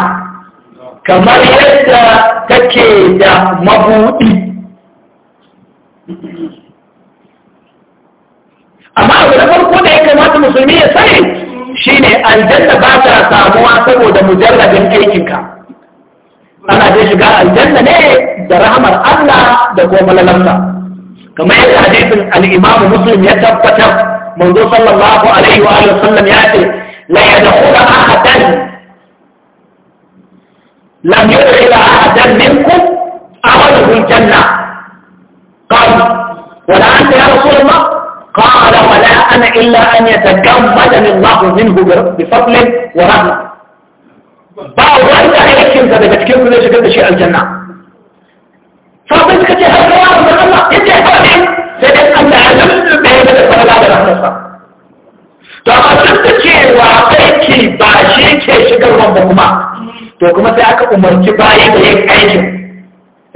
kamar yadda take da mabuɗi amma abu na farko da ya kamata musulmi ya sani shine aljanna ba ta samuwa saboda mujarradin aikinka ana dai shiga aljanna ne da rahamar Allah da kuma malalansa kamar yadda hadisin al-Imam Muslim ya tabbatar manzo sallallahu alaihi wa alihi wasallam ya ce la yadkhulu ahadan lam yudkhil ahadan minkum ahadan janna qal wa la anta ya rasulullah قال ولا أنا إلا أن يتجبد الله منه بفضل ورحمة باورد عليك كنزة بكتكين كنزة كنزة شيء الجنة فضل كتير هذا يا رب الله انت فاهم سيدي أن تعلم بيبا لفضل الله برحمة تقصد كتير وعطيك باشي كيش كرم بهما تقوم تلك أمر تبايب ليك أيجو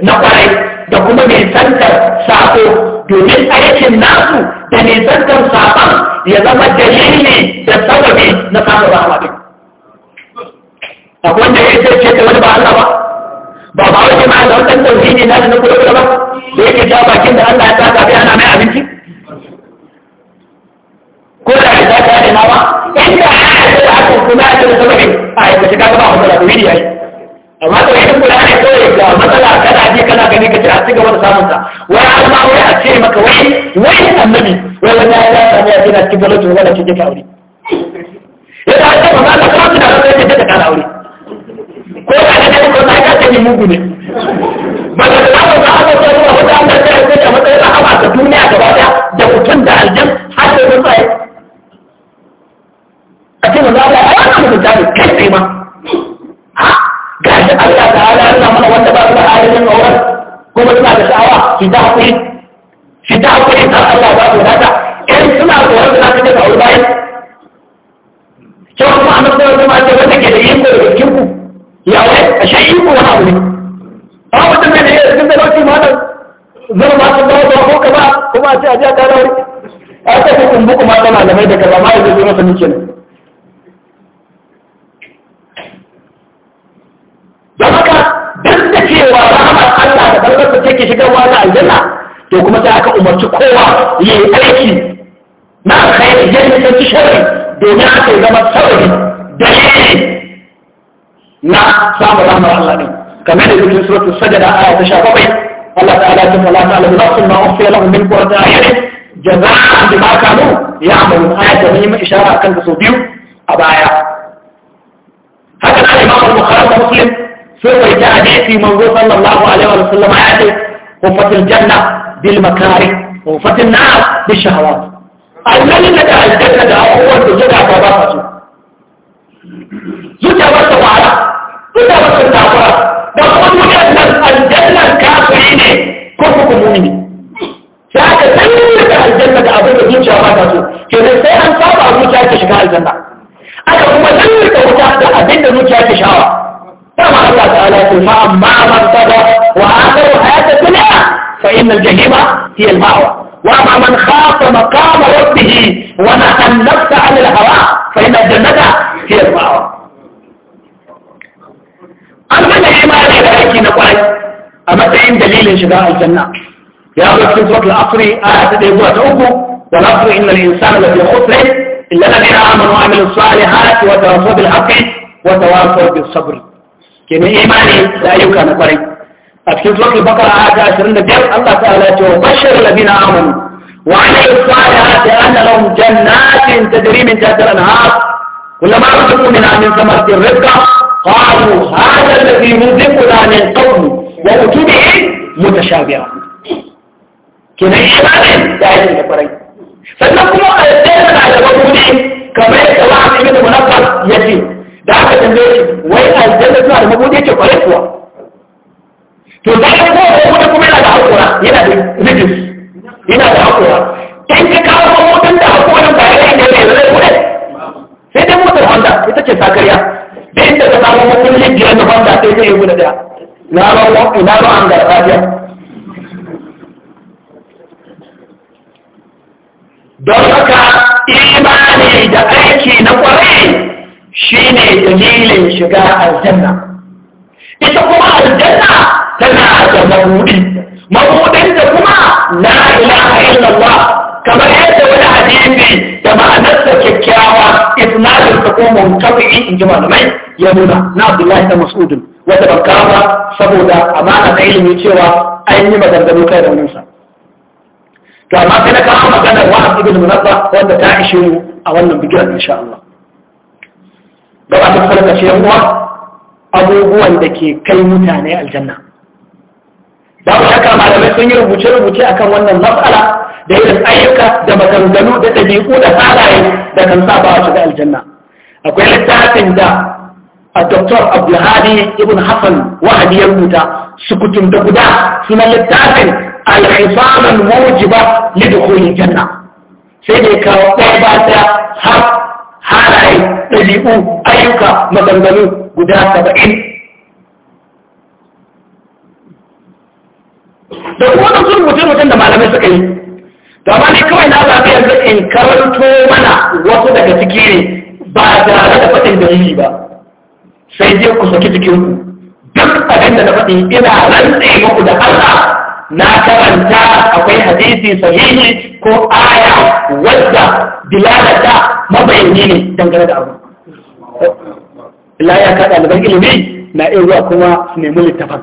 نقرأي تقوم بيسنتر ساقو domin aikin nasu da nisantar saban ya zama dalili da sababi na samun rahama din akwai wanda ya ce ce wani ba Allah ba ba ba wani ma da wannan tauhidi na da na kula ba da yake ja bakin da Allah ya ta bai ana mai abinci ko da ya saka da nawa inda ya saka kuma ya ce da sababi a shi shiga gaba a wani ya yi. amma da wani kula ga matsala kana ji kana gani ka jira cigaba da samun ta wai an wai a ce maka wai wai annabi wai ya ta ce na cikin wala cikin ka aure ya ta ce ta kuma ce ta aure ko ka ko ka ce mugu ne ba ta ba ba ba matsayin duniya da da aljan a ba kai tsaye gashi Allah ta'ala yana mana wanda ba su da halin auren kuma suna da sha'awa su ta hakuri su ta hakuri har Allah ba su wadata in suna tsoron suna cikin da aure bayan cewa kuma annabi sallallahu alaihi wasallam wanda ke da iko da jikin ku ya wai a shi iko wani abu ne ba mutum mai da ya cikin da lokaci ma da zama ba su dawo da ko ka ba kuma a ce a ji a kada wuri a ce ku kumbu kuma da malamai da kaza ma yanzu zo masa ni kenan don haka duk da cewa rahamar Allah da barbarsa take shigarwa na aljanna to kuma sai aka umarci kowa ya yi aiki na alkhairi ya nisanci sharri domin aka yi zama sauri dalili na samun rahamar Allah ne kamar da cikin suratul sajada aya ta 17 Allah ta'ala ta fala ta'ala bi nafsin ma ufiya lahum min qurrati a'yun jaza'an bima kanu ya'malun aya da mun ishara akan da sau biyu a baya haka da Imam Bukhari da Muslim سوى جاء في منظور صلى الله عليه وسلم عادل وفة الجنة بالمكاري وفة النار بالشهوات الملكة على الجنة أول بزرع فضافته زوجة بس وعلا زوجة بس التعبرة بقول مجدنا الجنة الكافرين كفكم مؤمنين فهذا سنة الجنة أبوك زوجة فضافته كذا سيئا صعب أبوك شكا الجنة أنا هم سنة الجنة أبنى زوجة شعر كما قال تعالى في الماء مع مرتبة وآخر حياة الدنيا فإن الجحيم هي المأوى وما من خاف مقام ربه وما النفس عن الهواء فإن الجنة هي المأوى أما الجحيم هذا نقول أما تعين دليل شفاء الجنة يا رب في سورة الأصلي آية تدعوها تأكل ونقول إن الإنسان الذي خسر إلا الذين آمنوا وعملوا الصالحات وتواصوا بالحق وتواصوا بالصبر kenan imani da ayyuka na kwarai a cikin suratul bakara ayat 25 Allah ta'ala ya ce wa bashir ladina amanu wa amilu salihati anna lahum jannatin tajri min tahtiha al-anhar kullama rizqu min amin samaratin rizqa qalu hadha alladhi rizquna min qablu wa utubihi mutashabiha kenan imani da ayyuka na kwarai sannan kuma a yadda da wasu ne kamar yadda wa'an ibn munaffas yace da aka tambaye shi wai aljanna suna da mabudi yake kwarai kuwa to da ka kowa mabudi kuma yana da hakora yana da rijis yana da hakora kan ka kawo mabudin da hakoran ba yana da yanzu zai kuɗe sai dai motar honda ita ce sakariya da inda ka samu mabudin jiran da honda sai zai yi guda daya na ba na ba an gargajiya don haka imani da aiki na kwarai shi ne dalilin shiga aljanna ita kuma aljanna tana da mabuɗi mabuɗin da kuma la ilaha illallah kamar yadda wani hadisi da ma'anarta kyakkyawa isnadin ta ko munkafi in ji malamai ya nuna na abdullahi da mas'udin wanda ban kama saboda amana na ilimi cewa an yi maganganu kai da waninsa to amma sai na kama maganar wa abdul munabba wanda ta ishe mu a wannan bigiran insha Allah gaba ta farkace uwa abubuwan da ke kai mutane aljanna ku shakka malamai sun yi rubuce-rubuce akan wannan matsala da irin ayyuka da maganganu da ɗabi'u da halaye da kan sa ba shiga aljanna akwai littafin da a doktor abdulhadi ibn hassan wahadi ya rubuta sukutun da guda suna littafin alhifanan mawujiba lidukuli janna sai da kawo ɗaya ba ta har halaye ɗabi'u ayyuka maganganu guda saba'in da kuma da sun mutum mutum da malamai suka yi amma ne kawai na zafi yanzu in karanto mana wasu daga ciki ne ba tare da faɗin da yi ba sai dai ku saki cikin ku. duk abin da na faɗi ina rantse muku da Allah na karanta akwai hadisi sahihi ko aya wadda dilalata mabayanni ne dangane da abu la ya ka ɗaliban ilimi na iya zuwa kuma su nemi littafan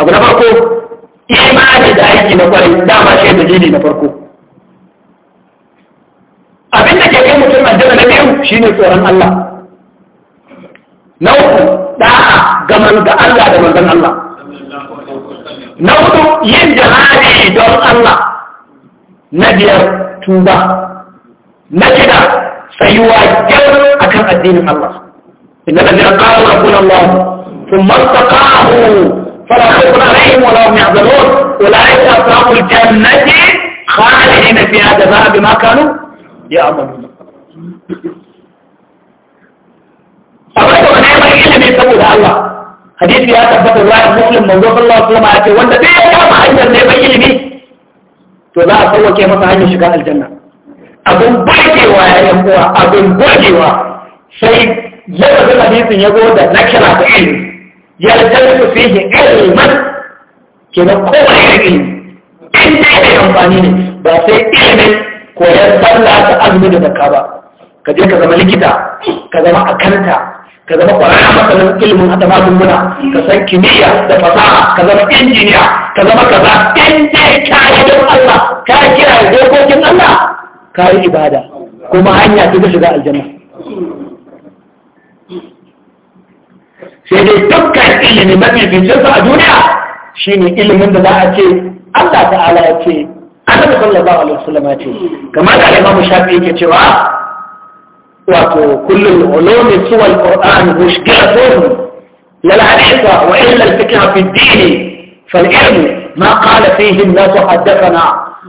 abu na farko imani da aiki na kwarai dama shi dalili na farko abin da ke kai mutum aljanna na biyu shine tsoron Allah na uku da'a ga manzon Allah da manzon Allah na hudu yin jihadi don Allah na biyar tuba نكدا سيواجه أكام الدين الله إن الذي قال ربنا الله ثم استقاه فلا خوف عليهم ولا هم يحزنون أولئك أصحاب الجنة خالدين فيها جزاء بما كانوا يا أمر الله حديث يا تبت الله المسلم من رسول الله صلى الله عليه وسلم وانت بيه يا محجر نبي يلمي تو لا أصوى كيما تعيش شكاء الجنة abin bagewa ya yi kuwa abin gwajewa sai lafazin hadisin ya zo da kira da ilmi ya fi yi ilman kenan kowa ya ilmi in da ya amfani ne ba sai ilimin koyar sallah ta azumi da zakka ba ka je ka zama likita ka zama akanta ka zama kwararra matsalin ilimin hada magunguna ka san kimiyya da fasaha ka zama injiniya ka zama kaza in dai ka yi Allah ka kira dokokin Allah kayi ibada kuma hanya ta ga shiga aljanna sai dai dukkan ilimi mafi bincin a duniya shine ilimin da za a ce Allah ta'ala ya ce annabi sallallahu alaihi wasallam ya ce kamar da mu Shafi yake cewa wato kullum ulumi suwal qur'an mushkilatun lal haditha wa illa al-fikra fi dini din فالعلم ما قال فيه الناس حدثنا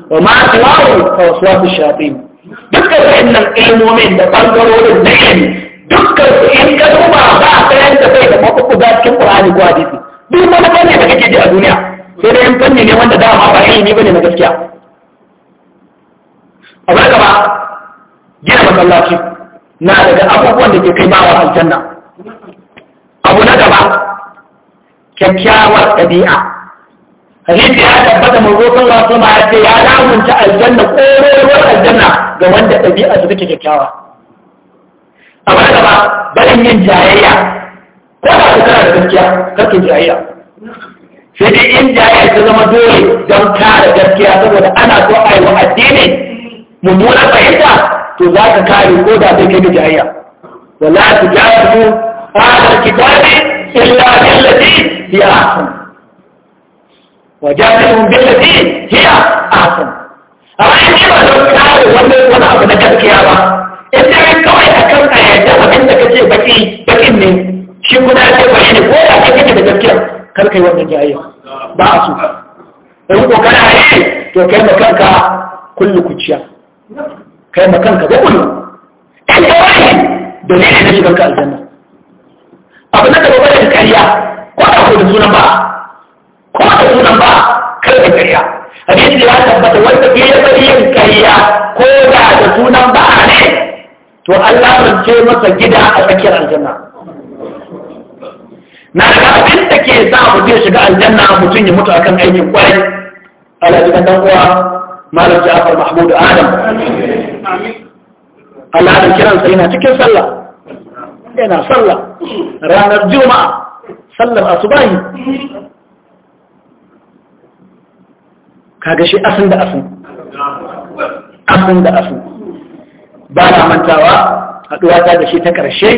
wa ma siwahu fa waswasu shayatin dukkan wa'annan ilmomin da bangarorin na ilmi dukkan su in ka duba ba ta yanka da mafuku ga cikin qur'ani ko hadisi duk wani fanni da kake ji a duniya sai dai fanni ne wanda dama ba ilimi bane na gaskiya a baka gaba, gina masallaci na daga abubuwan da ke kai bawa aljanna abu na gaba kyakkyawar ɗabi'a hadisi ya tabbata manzo rokon ma ma ya ce ya lamunta aljanna rokon aljanna ga wanda ɗabi'a su take kyakkyawa a wani gaba barin yin jayayya ko da ka tana da gaskiya kake jayayya sai dai in jayayya ta zama dole don kare gaskiya saboda ana so a yi wa addini mummunar fahimta to za ka kare ko da sai kai da jayayya wala su ala alkitabi illa billati ya ahsan وجاهدهم بالتي هي أحسن amma in ce ba don kare wani wani abu na gaskiya ba in ta yi kawai a a yadda abin da kace baki bakin ne shi kuna ce ba shi ne ko da kai kake da gaskiya kar kai wannan jayayya ba a so in ko kana yi to kai ma kanka kai ma kanka da da ko da sunan ba Kuma da sunan ba kar ka karya hadisi ya tabbata wanda ke yi bari yin kariya ko da da sunan ba a ne to Allah rance masa gida a tsakiyar aljanna na ga abin da ke sa mutum shiga aljanna mutum ya mutu akan aikin kwarai Allah ya dan uwa malam Ja'far Mahmud Adam Allah da kiransa yana cikin sallah yana sallah ranar juma'a sallar asubahi kaga shi asin da asin asin da asin ba na mantawa haɗuwa ta da shi ta ƙarshe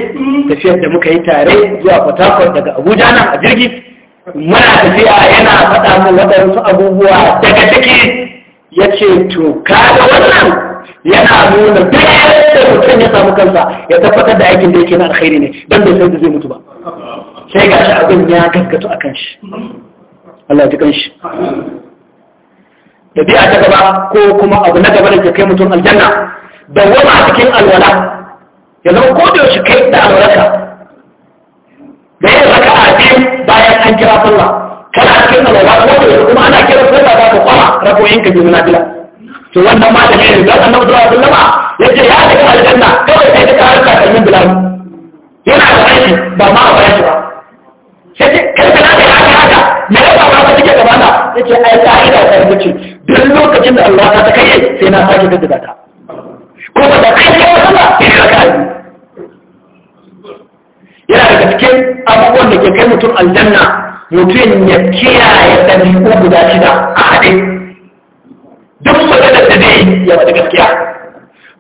tafiyar da muka yi tare zuwa fatakwar daga abuja nan a jirgi muna tafiya yana faɗa mu waɗansu abubuwa daga ciki ya ce to kaga wannan yana nuna da mutum ya samu kansa ya tabbatar da aikin da yake na alkhairi ne don bai san da zai mutu ba sai ga shi abin ya gaskato a kan shi Allah ya ji kan shi ɗabi'a ta gaba ko kuma abu na gaba da ke kai mutum aljanna da wani a cikin alwala ya zama ko da shi kai da alwalarka da yin raka a biyu bayan an kira sallah kana cikin alwala ko da yaushe kuma ana kira sallah za ka kwama rakoyin ka biyu na bila to wannan ma da ne da annabi sallallahu alaihi wasallam ya ce ya daga aljanna kawai sai ka kawo ka kalmin bilal yana da aiki ba ma a bayan ba sai kai na da haka haka me ya ba ta cike gabana na yace ai ka'ida ta ce duk lokacin da Allah ta kashe sai na sake gaggada ta ko ba da kashe wata ba ya kaka yana da gaske abubuwan da ke kai mutum aljanna mutum ya kiyaye ko guda shida a haɗe duk maganar da zai ya wata gaskiya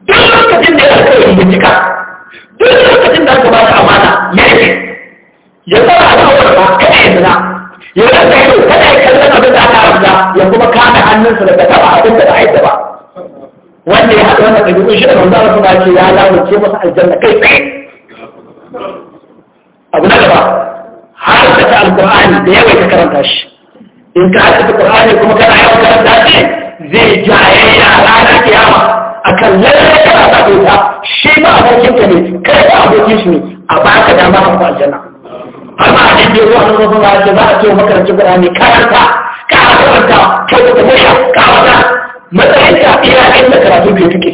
duk lokacin da ya alkawari ya cika duk lokacin da aka ba ta amana ya yi ya tsara alkawarin ba kada ya zina ya rasa ido kada ya kallon abin da aka haramta ya kuma kame hannunsa daga taba abin da ba a ba wanda ya haɗa wannan ɗabi'un shi da manzara suna ce ya lalace masa aljanna kai tsaye abu na gaba har da ta alƙur'ani da yawa ta karanta shi in ka haɗa ƙur'ani kuma kana yawan karanta shi zai jaye yara na kiyama akan lalle kana sa shi ba abokinka ne kai abokin shi ne a ba ka dama ka aljanna amma a cikin zuwa na zama da za a ce makarancin Qur'ani karanta ka karanta kai da kuma ka wata matsayin ka ina inda karatu bai kike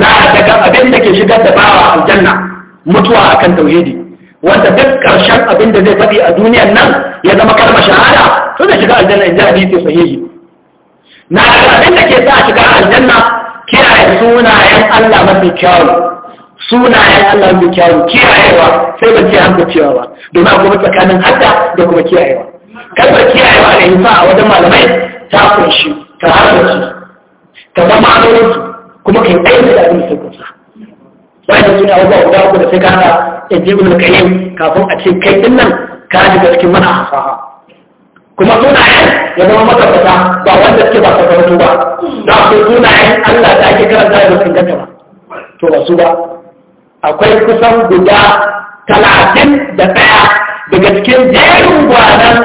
na daga abin da ke shigar da bawa aljanna mutuwa akan tauhidi wanda duk karshen abin da zai faɗi a duniyar nan ya zama kalmar shahada to da shiga aljanna in ji hadisi sahihi na daga abin da ke sa shiga aljanna kiyaye sunayen Allah mafi kyawu sunayen Allah mai kyawun kiyayewa sai ban ce hankacewa ba domin a akwai tsakanin hadda da kuma kiyayewa kalmar kiyayewa da yi yin a wajen malamai ta kunshi ka su, ka zama su, kuma ka yi aiki da abin da sai kunsa wani suna abubuwa guda uku da sai ka hada in ji ibn kayyim kafin a ce kai din nan ka shiga cikin mana hafaha kuma sunayen ya zama makarfata ba wanda suke ba sakaratu ba za su sunayen Allah da ake karanta da sun ganta ba to ba su ba akwai kusan guda talatin da ɗaya daga cikin jerin gwanan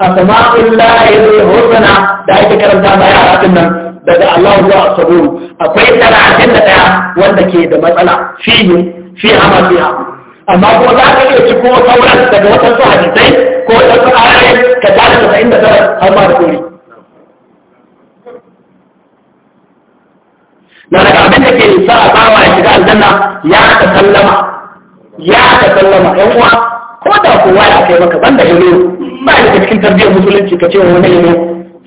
asma'ullahi hosana da ake karanta da yara din nan daga Allah zuwa asabur akwai talatin da ɗaya wanda ke da matsala fiye fi amma fiha amma ko za ka iya ciko sauran daga wasan su hadisai ko wasan su ayoyi ka tare da 79 har ma da kori da daga abin da ke sa a tsawa ya shiga aljanna ya ta sallama ya ta sallama yan uwa ko da kowa ya kai maka banda yalo ba da cikin tarbiyyar musulunci ka ce wani yalo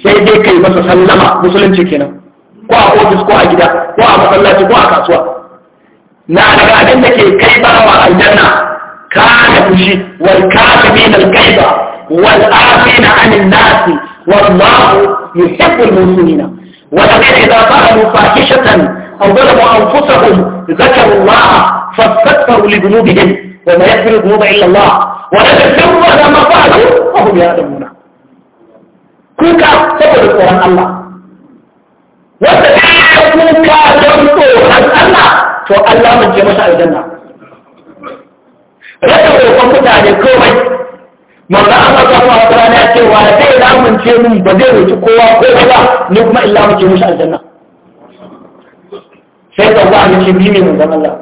sai dai kai masa sallama musulunci kenan ko a ofis ko a gida ko a masallaci ko a kasuwa na daga abin da ke kai bawa aljanna da fushi wal kafimin al kaiba wal afina anin nasi wallahu yuhibbul musulmina ولكن إذا فعلوا فاحشة أو ظلموا أنفسهم ذكروا الله فاستكبروا لذنوبهم وما يغفر الذنوب إلا الله ولكن سوى ما فعلوا وهم يعلمون كوكا سبب القرآن الله وتتعلم كوكا جمتوا عن الله فالله من جمسة الجنة رجعوا الله عن كومي manzo Allah sallallahu wata rana ya ce wa dai lamunce mun ba zai roki kowa ko ba ni kuma illa muke mushi aljanna sai da wa ne ce mimi manzo Allah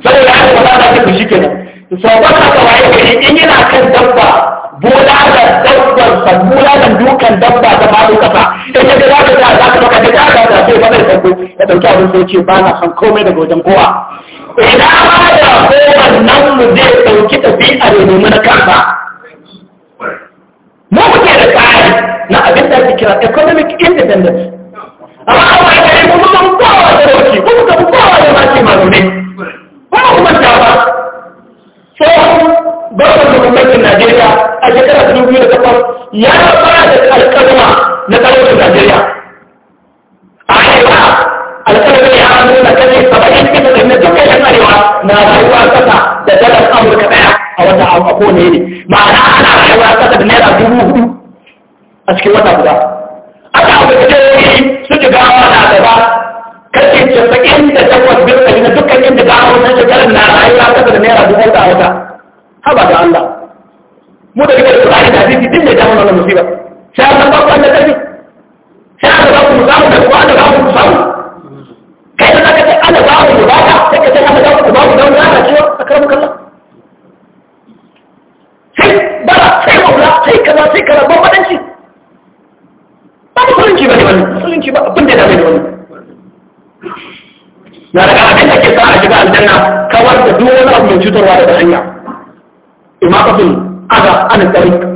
sai ya ce wala da ku shikenan sabon haka waye ne in yana kan dabba bola da dabbar sabula da dukan dabba da ma duka fa in ka ga za ka za ka maka da ka ga sai ba zai sako ya dauki abin sai ce ba na san komai daga wajen kowa ina ma da kowannen mu zai ɗauki tafiya da nemi na kansa mu kuke da tsari na abin da ake kira economic independence amma ba ya yi kuma kan kowa da roki kuma kan kowa da mace masu ne kuma kuma ta ba tsohon gwamnatin gwamnatin najeriya a shekarar dubu biyu da takwas ya fara da alƙalma na tsarin najeriya a haifa alƙalami ya nuna kashe saba'in cikin ɗari na duka yan arewa na rayuwa kasa da dalar amurka ɗaya a wannan abu a kowane ne ma'ana ana rayuwa kasa da naira dubu hudu a cikin wata guda aka da amurka teori suke gawa na gaba kashe casa'in da takwas bin ɗari na dukkan inda gawa wannan shekarar na rayuwa kasa da naira dubu hudu a wata haba da Allah mu da rike da Qur'ani da hadisi din ne ta wannan musiba sai an ba ku da kashi sai an ba ku musamman da ku an ba ku musamman? kai da zaka ce ana za mu ba ka sai ka ce ana za mu ba mu don za ka ciwo a mu kallon sai ba sai maula sai kaza sai kaza ba fadanci ba musulunci ba ne wani musulunci ba abin da ya zama wani na daga abin da ke sa a shiga aljanna kawar da duk wani abu mai cutarwa daga hanya imaqatul adha an tariq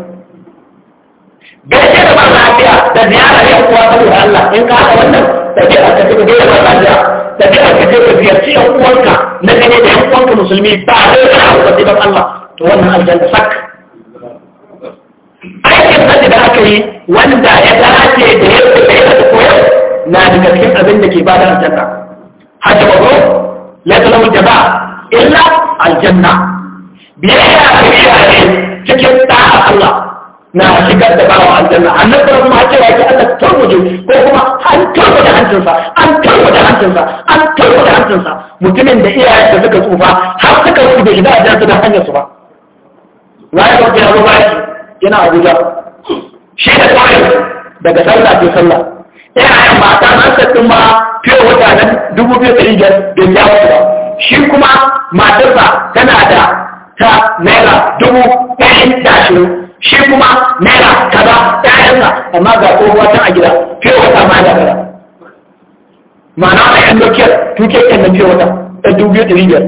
gaishe da mara lafiya da ziyarar yan uwa saboda Allah in ka haɗa wannan tafiya ka tafi gaida mara lafiya tafiya ka je ka ziyarci yan uwanka na gani da yan uwanka musulmi ba zai ka haɗa ba sai Allah to wannan aljanna sak aikin hajji da aka yi wanda ya dace da yadda da yadda koyar na daga cikin abin da ke bada aljanna hajji baro la talamu jaba illa aljanna biyayya ga iyaye cikin da'a Allah na shigar da bawa aljanna annabi kuma har cewa ki Allah turmuje ko kuma an turmu da hancinsa an turmu da hancinsa an turmu da hancinsa mutumin da iyayen da suka tsufa har suka su da shiga da da hanyar su ba wai ko ya zo bai yana Abuja shi da kai daga sallah ke sallah iyayen mata nan sa kuma fiye wata nan dubu biyu da biyar da ya ba shi kuma matarsa tana da ta naira dubu ɗari da ashirin shi kuma naira kaza ɗayansa amma ga tsohuwa a gida fiye wata ma da gara ma'ana a yan lokiyar tuke yan nan fiye wata ta dubu ɗari biyar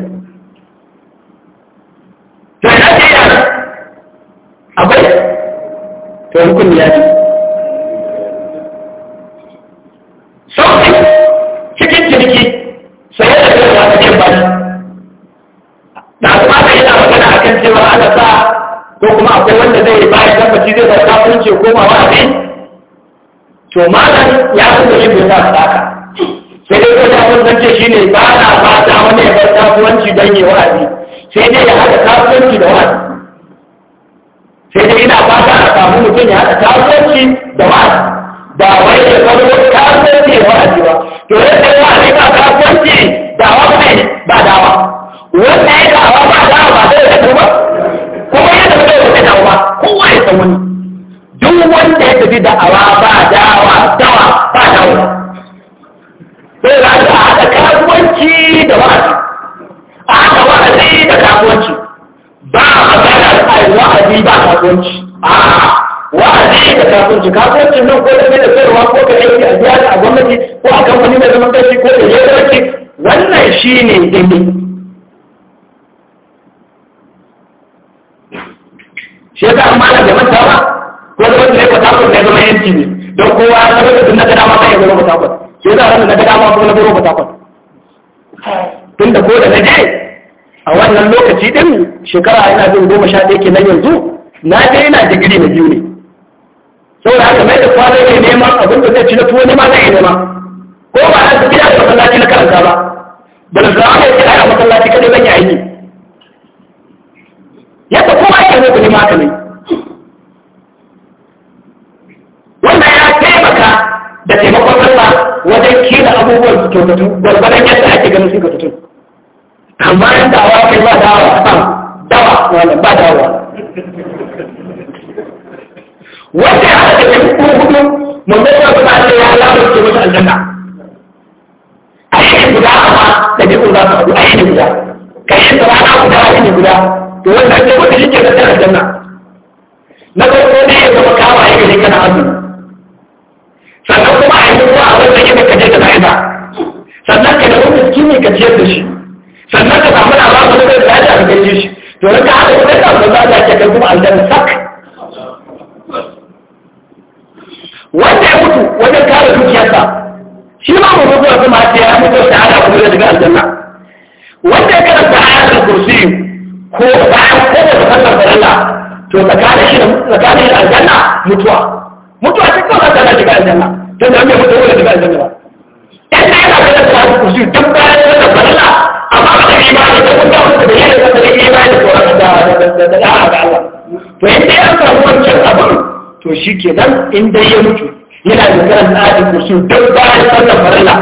to ina ce yana akwai to hukun ya ce to malam ya kuma shi bai sa haka sai dai ko ta zance shi shine ba na ba ta wani ya bar kasuwanci don yi wa'azi sai dai ya haɗa kasuwanci da wa'azi sai dai ina ba ta samu mutum ya haɗa kasuwanci da wa'azi ba wai ya zama wani kasuwanci ya wa'azi ba to yadda ya wa'azi ba kasuwanci dawa ba ne ba dawa wannan ya dawa ba dawa ba zai da kuma kuma yadda mutum ya dawa kowa ya san wani duk wanda ya tafi da awa ba dawa dawa ba dawa sai za ta haɗa kasuwanci da su. a haɗa wa'azi da kasuwanci ba a maganar ai wa'azi ba kasuwanci a wa'azi da kasuwanci kasuwanci nan ko da da sayarwa ko da aiki a biya a gwamnati ko a kamfani mai zaman kanshi ko da yawon wannan shine ne shi ya an malam da ba. wani wanda ne fatakwal ne zama yanci ne don kowa ya zama da na gada ma kan yanzu fatakwal ke za a na gada ma kuma na biro fatakwal tun da ko da na je a wannan lokaci din shekara ina jin goma sha ɗaya ke nan yanzu na je ina digiri na biyu ne saboda haka mai da kwana ne neman abin da zai ci na tuwo ne ma zai nema ko ba a su gida da masallaci na karanta ba da zama ya kira a masallaci kada zan yi aiki yadda kowa ya yi ne ma haka ne kokarin da abubuwan su kyautatu gwargwadon yadda ake ganin su kyautatu amma yin dawa kai ba dawa kan dawa wani ba dawa wanda ya haɗa ke kuku hudu mun ga ta ba ta ya labar ce mata aljanna a shi guda amma da bi guda ka a shi guda kashin ba ta guda a shi guda to wannan ce wata shi ke da aljanna na farko ne ya zama kama yake ne kana azumi sannan kuma a yi ruwa a wanda kima ka je ka zaɓa sannan ka nemi miskini ka ciyar da shi sannan ka samu na babu da zai lafiya ka gaishe shi domin ka haɗa kuɗin da ba za ka kai kuma aljanna sak wanda ya mutu wajen kare dukiyarsa shi ma mu mutu wasu masu ya mutu da ana kuma da shiga aljanna wanda ya karanta ayatul kursi ko bayan kowace sallar farilla to tsakanin shi da aljanna mutuwa mutuwa cikin sallar shiga aljanna sai da bai fito wala da bai ba dan da yana da ta ku shi duk bayan da barna amma ba da imani da kuma da da yana da imani da Qur'ani da da da Allah to yadda ya samu wancan abin to shikenan in dai ya mutu yana da karan tsarin kursu duk bayan sallar farilla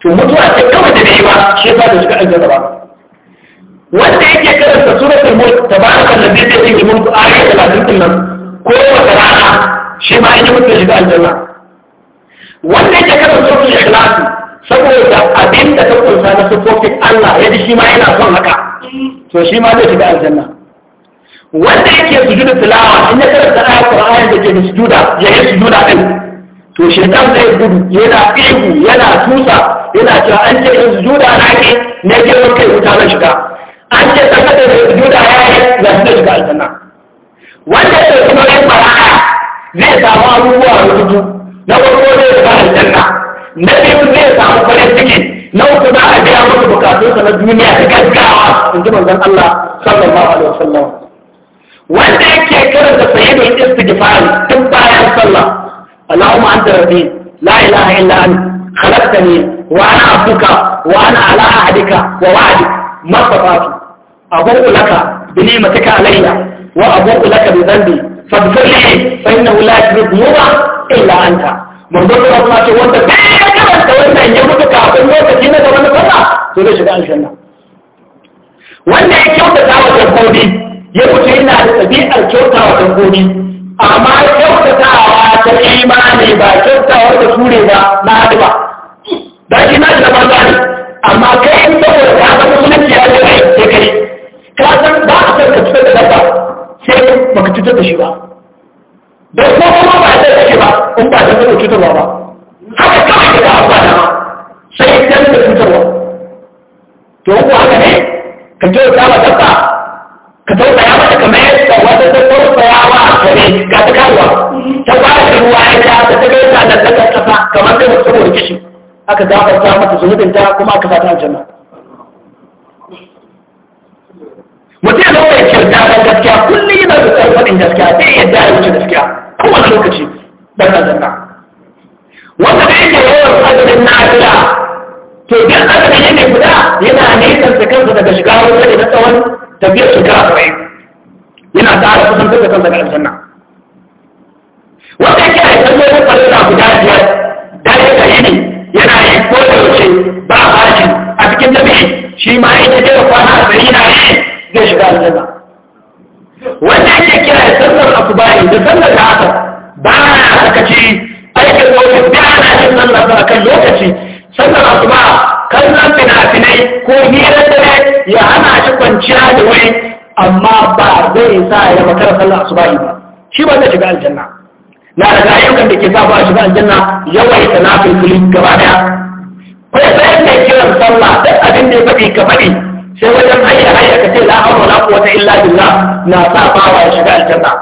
to mutuwa ta kawai da bai ba shi ba da shiga aljanna ba wanda yake karanta suratul mulk tabaraka alladhi bi yadihi mulku ayat 30 nan ko wata rana shi ma yake mutu shiga aljanna wanda yake karin sauƙin ikhlasi saboda abin da ta kunsa na sufofin Allah ya ji shi ma yana son haka to shi ma zai shiga aljanna wanda yake sujudu tilawa in ya karanta ayat Qur'ani da ke da sujuda ya yi sujuda din to shaitan zai gudu yana ihu yana tusa yana cewa an ce in sujuda na ke ne ke kai wuta na shiga an ce sakata da sujuda ya yi ya shiga aljanna wanda ya ce kuma yin bara'a zai samu abubuwa da rubutu na farko zai ba aljanna na biyu zai samu farin ciki na uku za a biya masa bukatunsa na duniya da gaggawa in ji manzon Allah sallallahu alaihi wasallam wanda yake karanta sayyidul istighfar duk bayan sallah Allahumma anta rabbi la ilaha illa anta khalaqtani wa ana abduka wa ana ala ahdika wa wa'dik ma fatatu abu laka bi ni'matika alayya wa abu laka bi dhanbi faghfir li fa innahu la yughfiru dhunuba illa anta manzo Allah kuma ce wanda ba ya karanta wannan ya mutu kafin lokaci na gaban sallah to zai shiga aljanna wanda ya kyautata wa dabbobi ya mutu ina da tabi'ar kyauta wa dabbobi amma kyautatawa ta imani ba kyautatawar da sure ba na ba da shi na da banza ne amma kai in saboda ka ga musulunci ya ce sai kai ka san ba a san ka cutar da dabba sai baka cutar da shi ba da ko kuma ba sai yake ba in ba da zama cutarwa ba haka kawai da ba da ma sai dan da cutarwa to ko haka ne ka je ka ba ta ka tauka ya mata kamar yadda wata ta tauka ya wa kare ga ta kawo ta ba da ruwa ya ta ta ta gaisa da ta ta ta kamar da saboda kishi aka gafarta mata zunubin ta kuma aka fata aljanna mutum ya zama ya kyauta da gaskiya kullum yana da tsarfaɗin gaskiya zai yadda ya wuce gaskiya kowane lokaci da ka zaka wanda da yake yawan azumin nafila to duk azumin yake guda yana nesan da kansa daga shiga wuta ne na tsawon tafiyar shiga arba'in yana tsara kusantar da kansa ga aljanna wanda yake a yi tsallolin farilla guda biyar da ya gari ne yana yi ko da wuce ba a bashi a cikin tafiye shi ma yake jera kwana arba'in yana yi zai shiga aljanna wanda yake kira ya sallar asubahi da sallar da asar ba na sakaci aikin wajen ba na yin a kan lokaci sallar asuba kallon fina-finai ko hirar dare ya hana shi kwanciya da wuri amma ba zai sa ya makara sallar asuba ba shi ba zai shiga aljanna na daga ayyukan da ke sa ba shiga aljanna yawaita na filfili gaba daya kai sai mai kiran sallah duk abin da ya faɗi ka faɗi sai wajen hayya hayya ka ce la hawla wala illa billah na sa ba ya shiga aljanna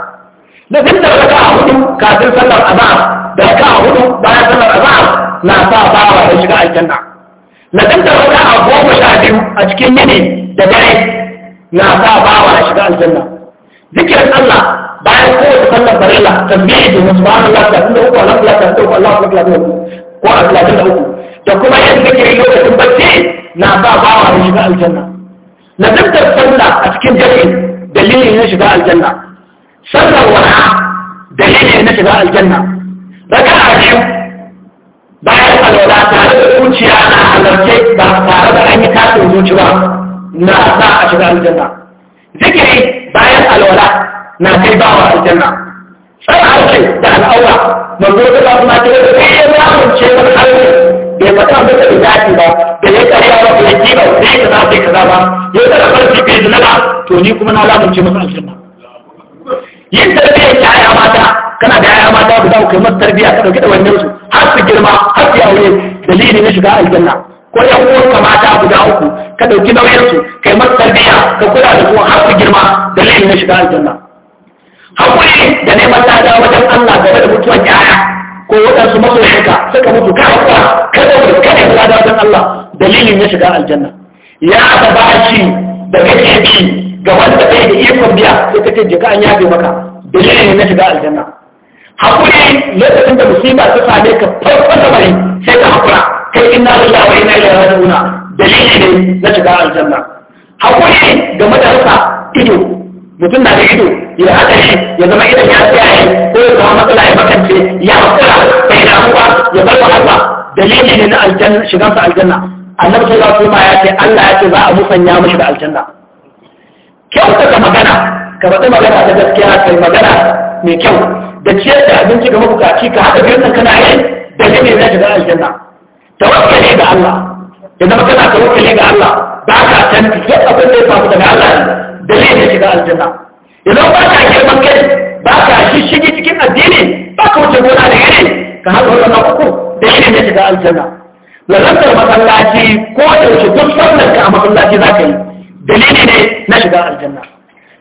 na tun da raka a hudu kafin sallar azhar da raka a hudu bayan sallar azhar na sa bawa ya shiga aljanna na tun da raka a goma sha biyu a cikin yini da dare na sa bawa ya shiga aljanna zikirin Allah bayan kowace sallar barilla tasbihi da subhanallah da tun da uku Allah ya tsare ko Allah ya uku, ko a Allah da uku, da kuma yin zikiri lokacin bacci na sa bawa ya shiga aljanna na tun da sallah a cikin jami'i dalilin ya shiga aljanna sassarwara da yanayi na shiga aljanna raka a biyu bayan alwala tare da zuciya na halarce ba tare da an yi tashin zuci ba na sa a shiga aljanna zikiri bayan alwala na kai wa aljanna tsara harshe da al'aura manzo da ba kuma ce da kai ya amince wani harshe bai fata da ta dace ba da ya karya ba bai ji ba sai ka za ka kaza ba ya tsara farki bai zina ba to ni kuma na lamunce masu aljanna yin tarbiyyar yaya mata kana da yaya mata guda ku kai tarbiyya ka dauki da wannan su har su girma har su aure dalilin ya shiga aljanna ko yan uwanka mata guda uku ka dauki nauyin su kai masu tarbiyya ka kula da su har su girma dalilin ya shiga aljanna hakuri da neman lada wajen Allah game da mutuwar yaya ko waɗansu masoyanka suka mutu ka hakura ka dauki ka nemi da wajen Allah dalilin ya shiga aljanna ya ta bashi da kake bi ga wanda ɗaya da iya biya sai ka ce jika an yabe maka dalilin ne na shiga aljanna hakuri lokacin da musulma ta same ka farko da bari sai ka hakura kai inna lillahi na inna da raji'un dalilin ne na shiga aljanna hakuri ga da ido mutum na da ido ya haka shi ya zama idan ya tsaya ko ya zama matsala ya makance ya hakura bai damuwa ya bar Allah dalilin ne na aljanna shigansa aljanna annabi sallallahu alaihi wasallam ya ce Allah ya ce za a musanya mashi da aljanna kyautata magana ka faɗi magana ta gaskiya kai magana mai kyau da ciyar da abinci ga mabukaci ka haɗa birnin kana yi da ne zai shiga aljanna tawakkale ga Allah ya zama kana tawakkale ga Allah ba ka tanti duk abin da ya samu daga Allah da ne na shiga aljanna idan ba ka yi kai ba ka shishigi cikin addini ba ka wuce gona da yanayi ka haɗa wannan uku da yanayi na shiga aljanna lalantar masallaci ko yaushe duk sannan ka a masallaci za ka yi dalili ne na shiga aljanna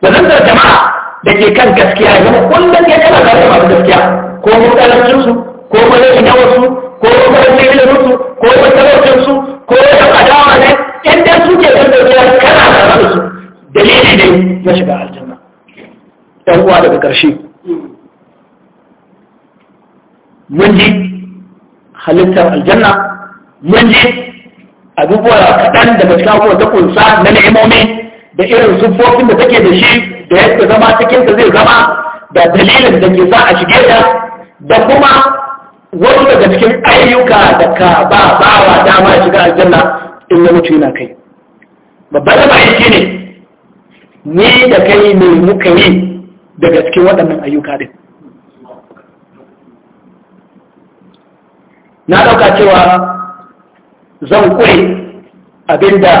zanzar jama'a da ke kan gaskiya ya zama kullum ya kana tare masu gaskiya ko mutalancinsu ko malayi na wasu ko malayi na wasu ko matalacinsu ko wata adawa ne yadda su ke kan gaskiya kana tare da su dalili ne na shiga aljanna ɗan uwa daga ƙarshe mun ji halittar aljanna mun ji abubuwa kaɗan daga shafuwa ta kunsa na ni'imomi da irin siffofin da take da shi da yadda zama cikinta zai zama da dalilin da ke sa a shige ta da kuma wasu daga cikin ayyuka da ka ba bawa dama shiga aljanna in ya mutu yana kai babban da shi ne ni da kai ne muka yi daga cikin waɗannan ayyuka din na ɗauka cewa zan abin abinda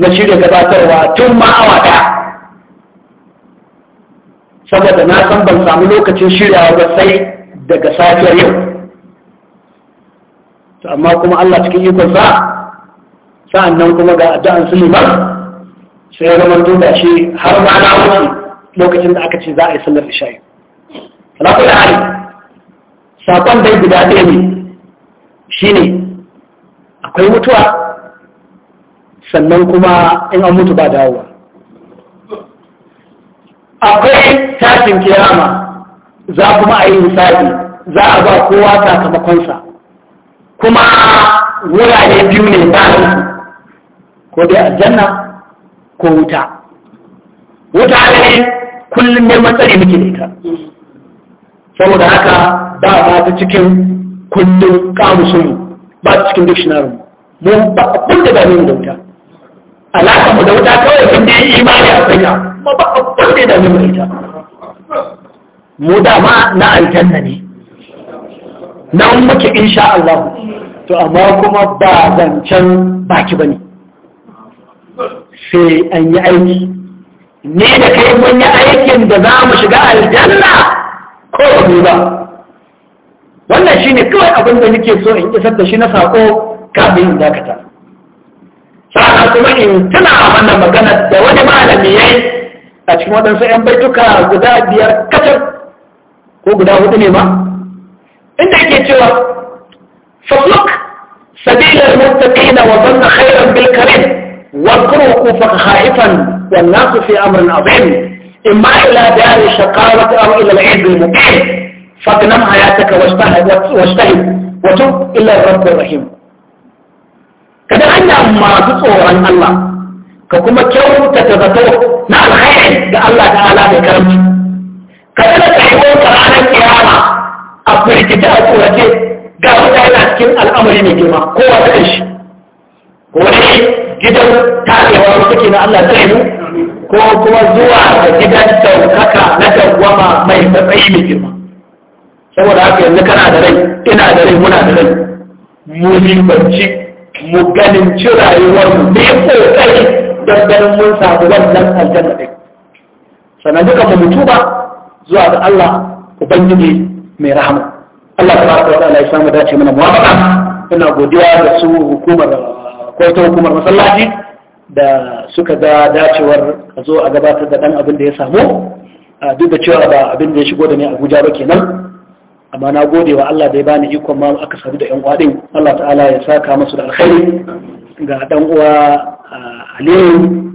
na shirya gabatarwa tun ma'awa ɗaya saboda na san ban samu lokacin shiryawa ba sai daga safiyar yau amma kuma Allah cikin ikon sa, sa'an nan kuma ga addu'an suliman sai ya zama duba shi har ma na wuce lokacin da aka ce za a yi sallar isha'i alaƙul saƙon dai guda ɗaya ne shi ne akwai mutuwa sannan kuma in an mutu ba dawowa akwai tashin kirama. za kuma a yi misali za a ba kowa sakamakonsa kuma wurare biyu ne ba ko dai aljanna ko wuta wuta ne kullum neman matsari muke da ita saboda haka ba ba ta cikin kullum kamusunmu ba ta cikin dictionary mu ba abin da dame mu da wuta alaka mu da wuta kawai kun dai imani a sanya mu ba abin da dame da ita mu dama na aljanna ne Na muke insha Allah to amma kuma ba zancen baki bane sai an yi aiki ne da kai mun yi aikin da za mu shiga aljanna ko ba ba wannan shine kawai abin da nake so in isar da shi na sako kafin in dakata sa'an kuma in tuna wannan magana da wani malami ya yi a cikin waɗansu 'yan baituka guda biyar kacar ko guda hudu ne ba inda yake cewa fasluk sabilar mustaqina wa zanna khairan bil karim wa quru kufaka khaifan wan nasu fi amrin azim imma ila dar shaqawat aw ila al-'id al-muqim fagnam hayataka washtahid washtahid wa tub ila rabbir rahim ta hanya masu tsoron Allah ka kuma kyautata zato na alkhairi da Allah ta'ala da karamci ka tana tsayuwar ka ranar kiyama a firgita a tsorace ga wata yana cikin al'amari mai girma kowa da shi wani gidan tarewa suke na Allah ta yi ko kuma zuwa ga gidan saukaka na dawwama mai matsayi mai girma saboda haka yanzu kana da rai ina da rai muna da rai mu mu ganin rayuwar mu ne kokari don ganin mun samu wannan aljanna ɗin sannan duka mu mutu ba zuwa ga Allah ubangiji mai rahama Allah ta baraka wa ta'ala ya samu dace mana muwafaqa ina godiya da su hukumar ko ta hukumar masallaci da suka ga dacewar a zo a gabatar da ɗan abin da ya samu duk da cewa ba abin da ya shigo da ne Abuja ba kenan amma na gode wa Allah da ya bani ikon ma aka sadu da 'yan uwa Allah ta'ala ya saka masu da alkhairi ga ɗan uwa Aliyu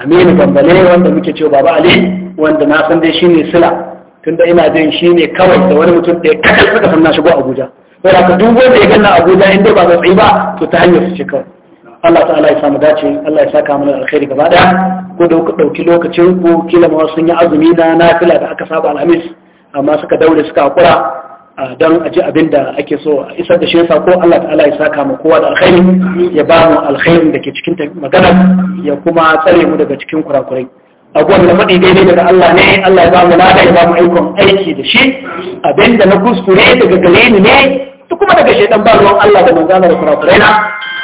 Aminu Gambale wanda muke cewa Baba Ali wanda na san dai ne sila tunda ina jin ne kawai da wani mutum da ya kakal suka san na shigo Abuja saboda ka duk wanda ya ganna Abuja inda ba ga tsayi ba to ta hanyar su ce kawai Allah ta'ala ya samu dace Allah ya saka mana alkhairi gaba daya ko da kuka dauki lokacin ku kila ma sun yi azumi na nafila da aka saba alhamis amma suka daure suka hakura don aji abin da ake so a isar da shi yasa ko Allah ta'ala ya saka mu kowa da alkhairi ya ba mu alkhairin da ke cikin magana ya kuma tsare mu daga cikin kurakurai abuwan da maɗi daidai daga Allah ne Allah ya ba mu lada ya ba mu aikon aiki da shi abin da na kuskure daga gare ni ne to kuma daga shaidan ba ruwan Allah da manzo Allah da kurakurai na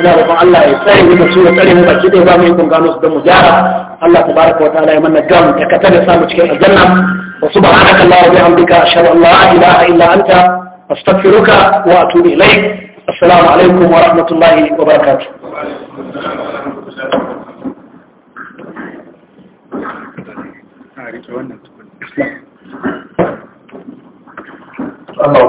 ina roƙon Allah ya tsare mu da su ya tsare mu baki da ba mu yin gano su da mu jara Allah tabaraka wa ta'ala ya manna gam ta kata da samu cikin aljanna wa subhanaka Allah wa bihamdika ashhadu an la ilaha illa anta astaghfiruka wa atubu ilayk assalamu alaikum wa rahmatullahi wa barakatuh Allah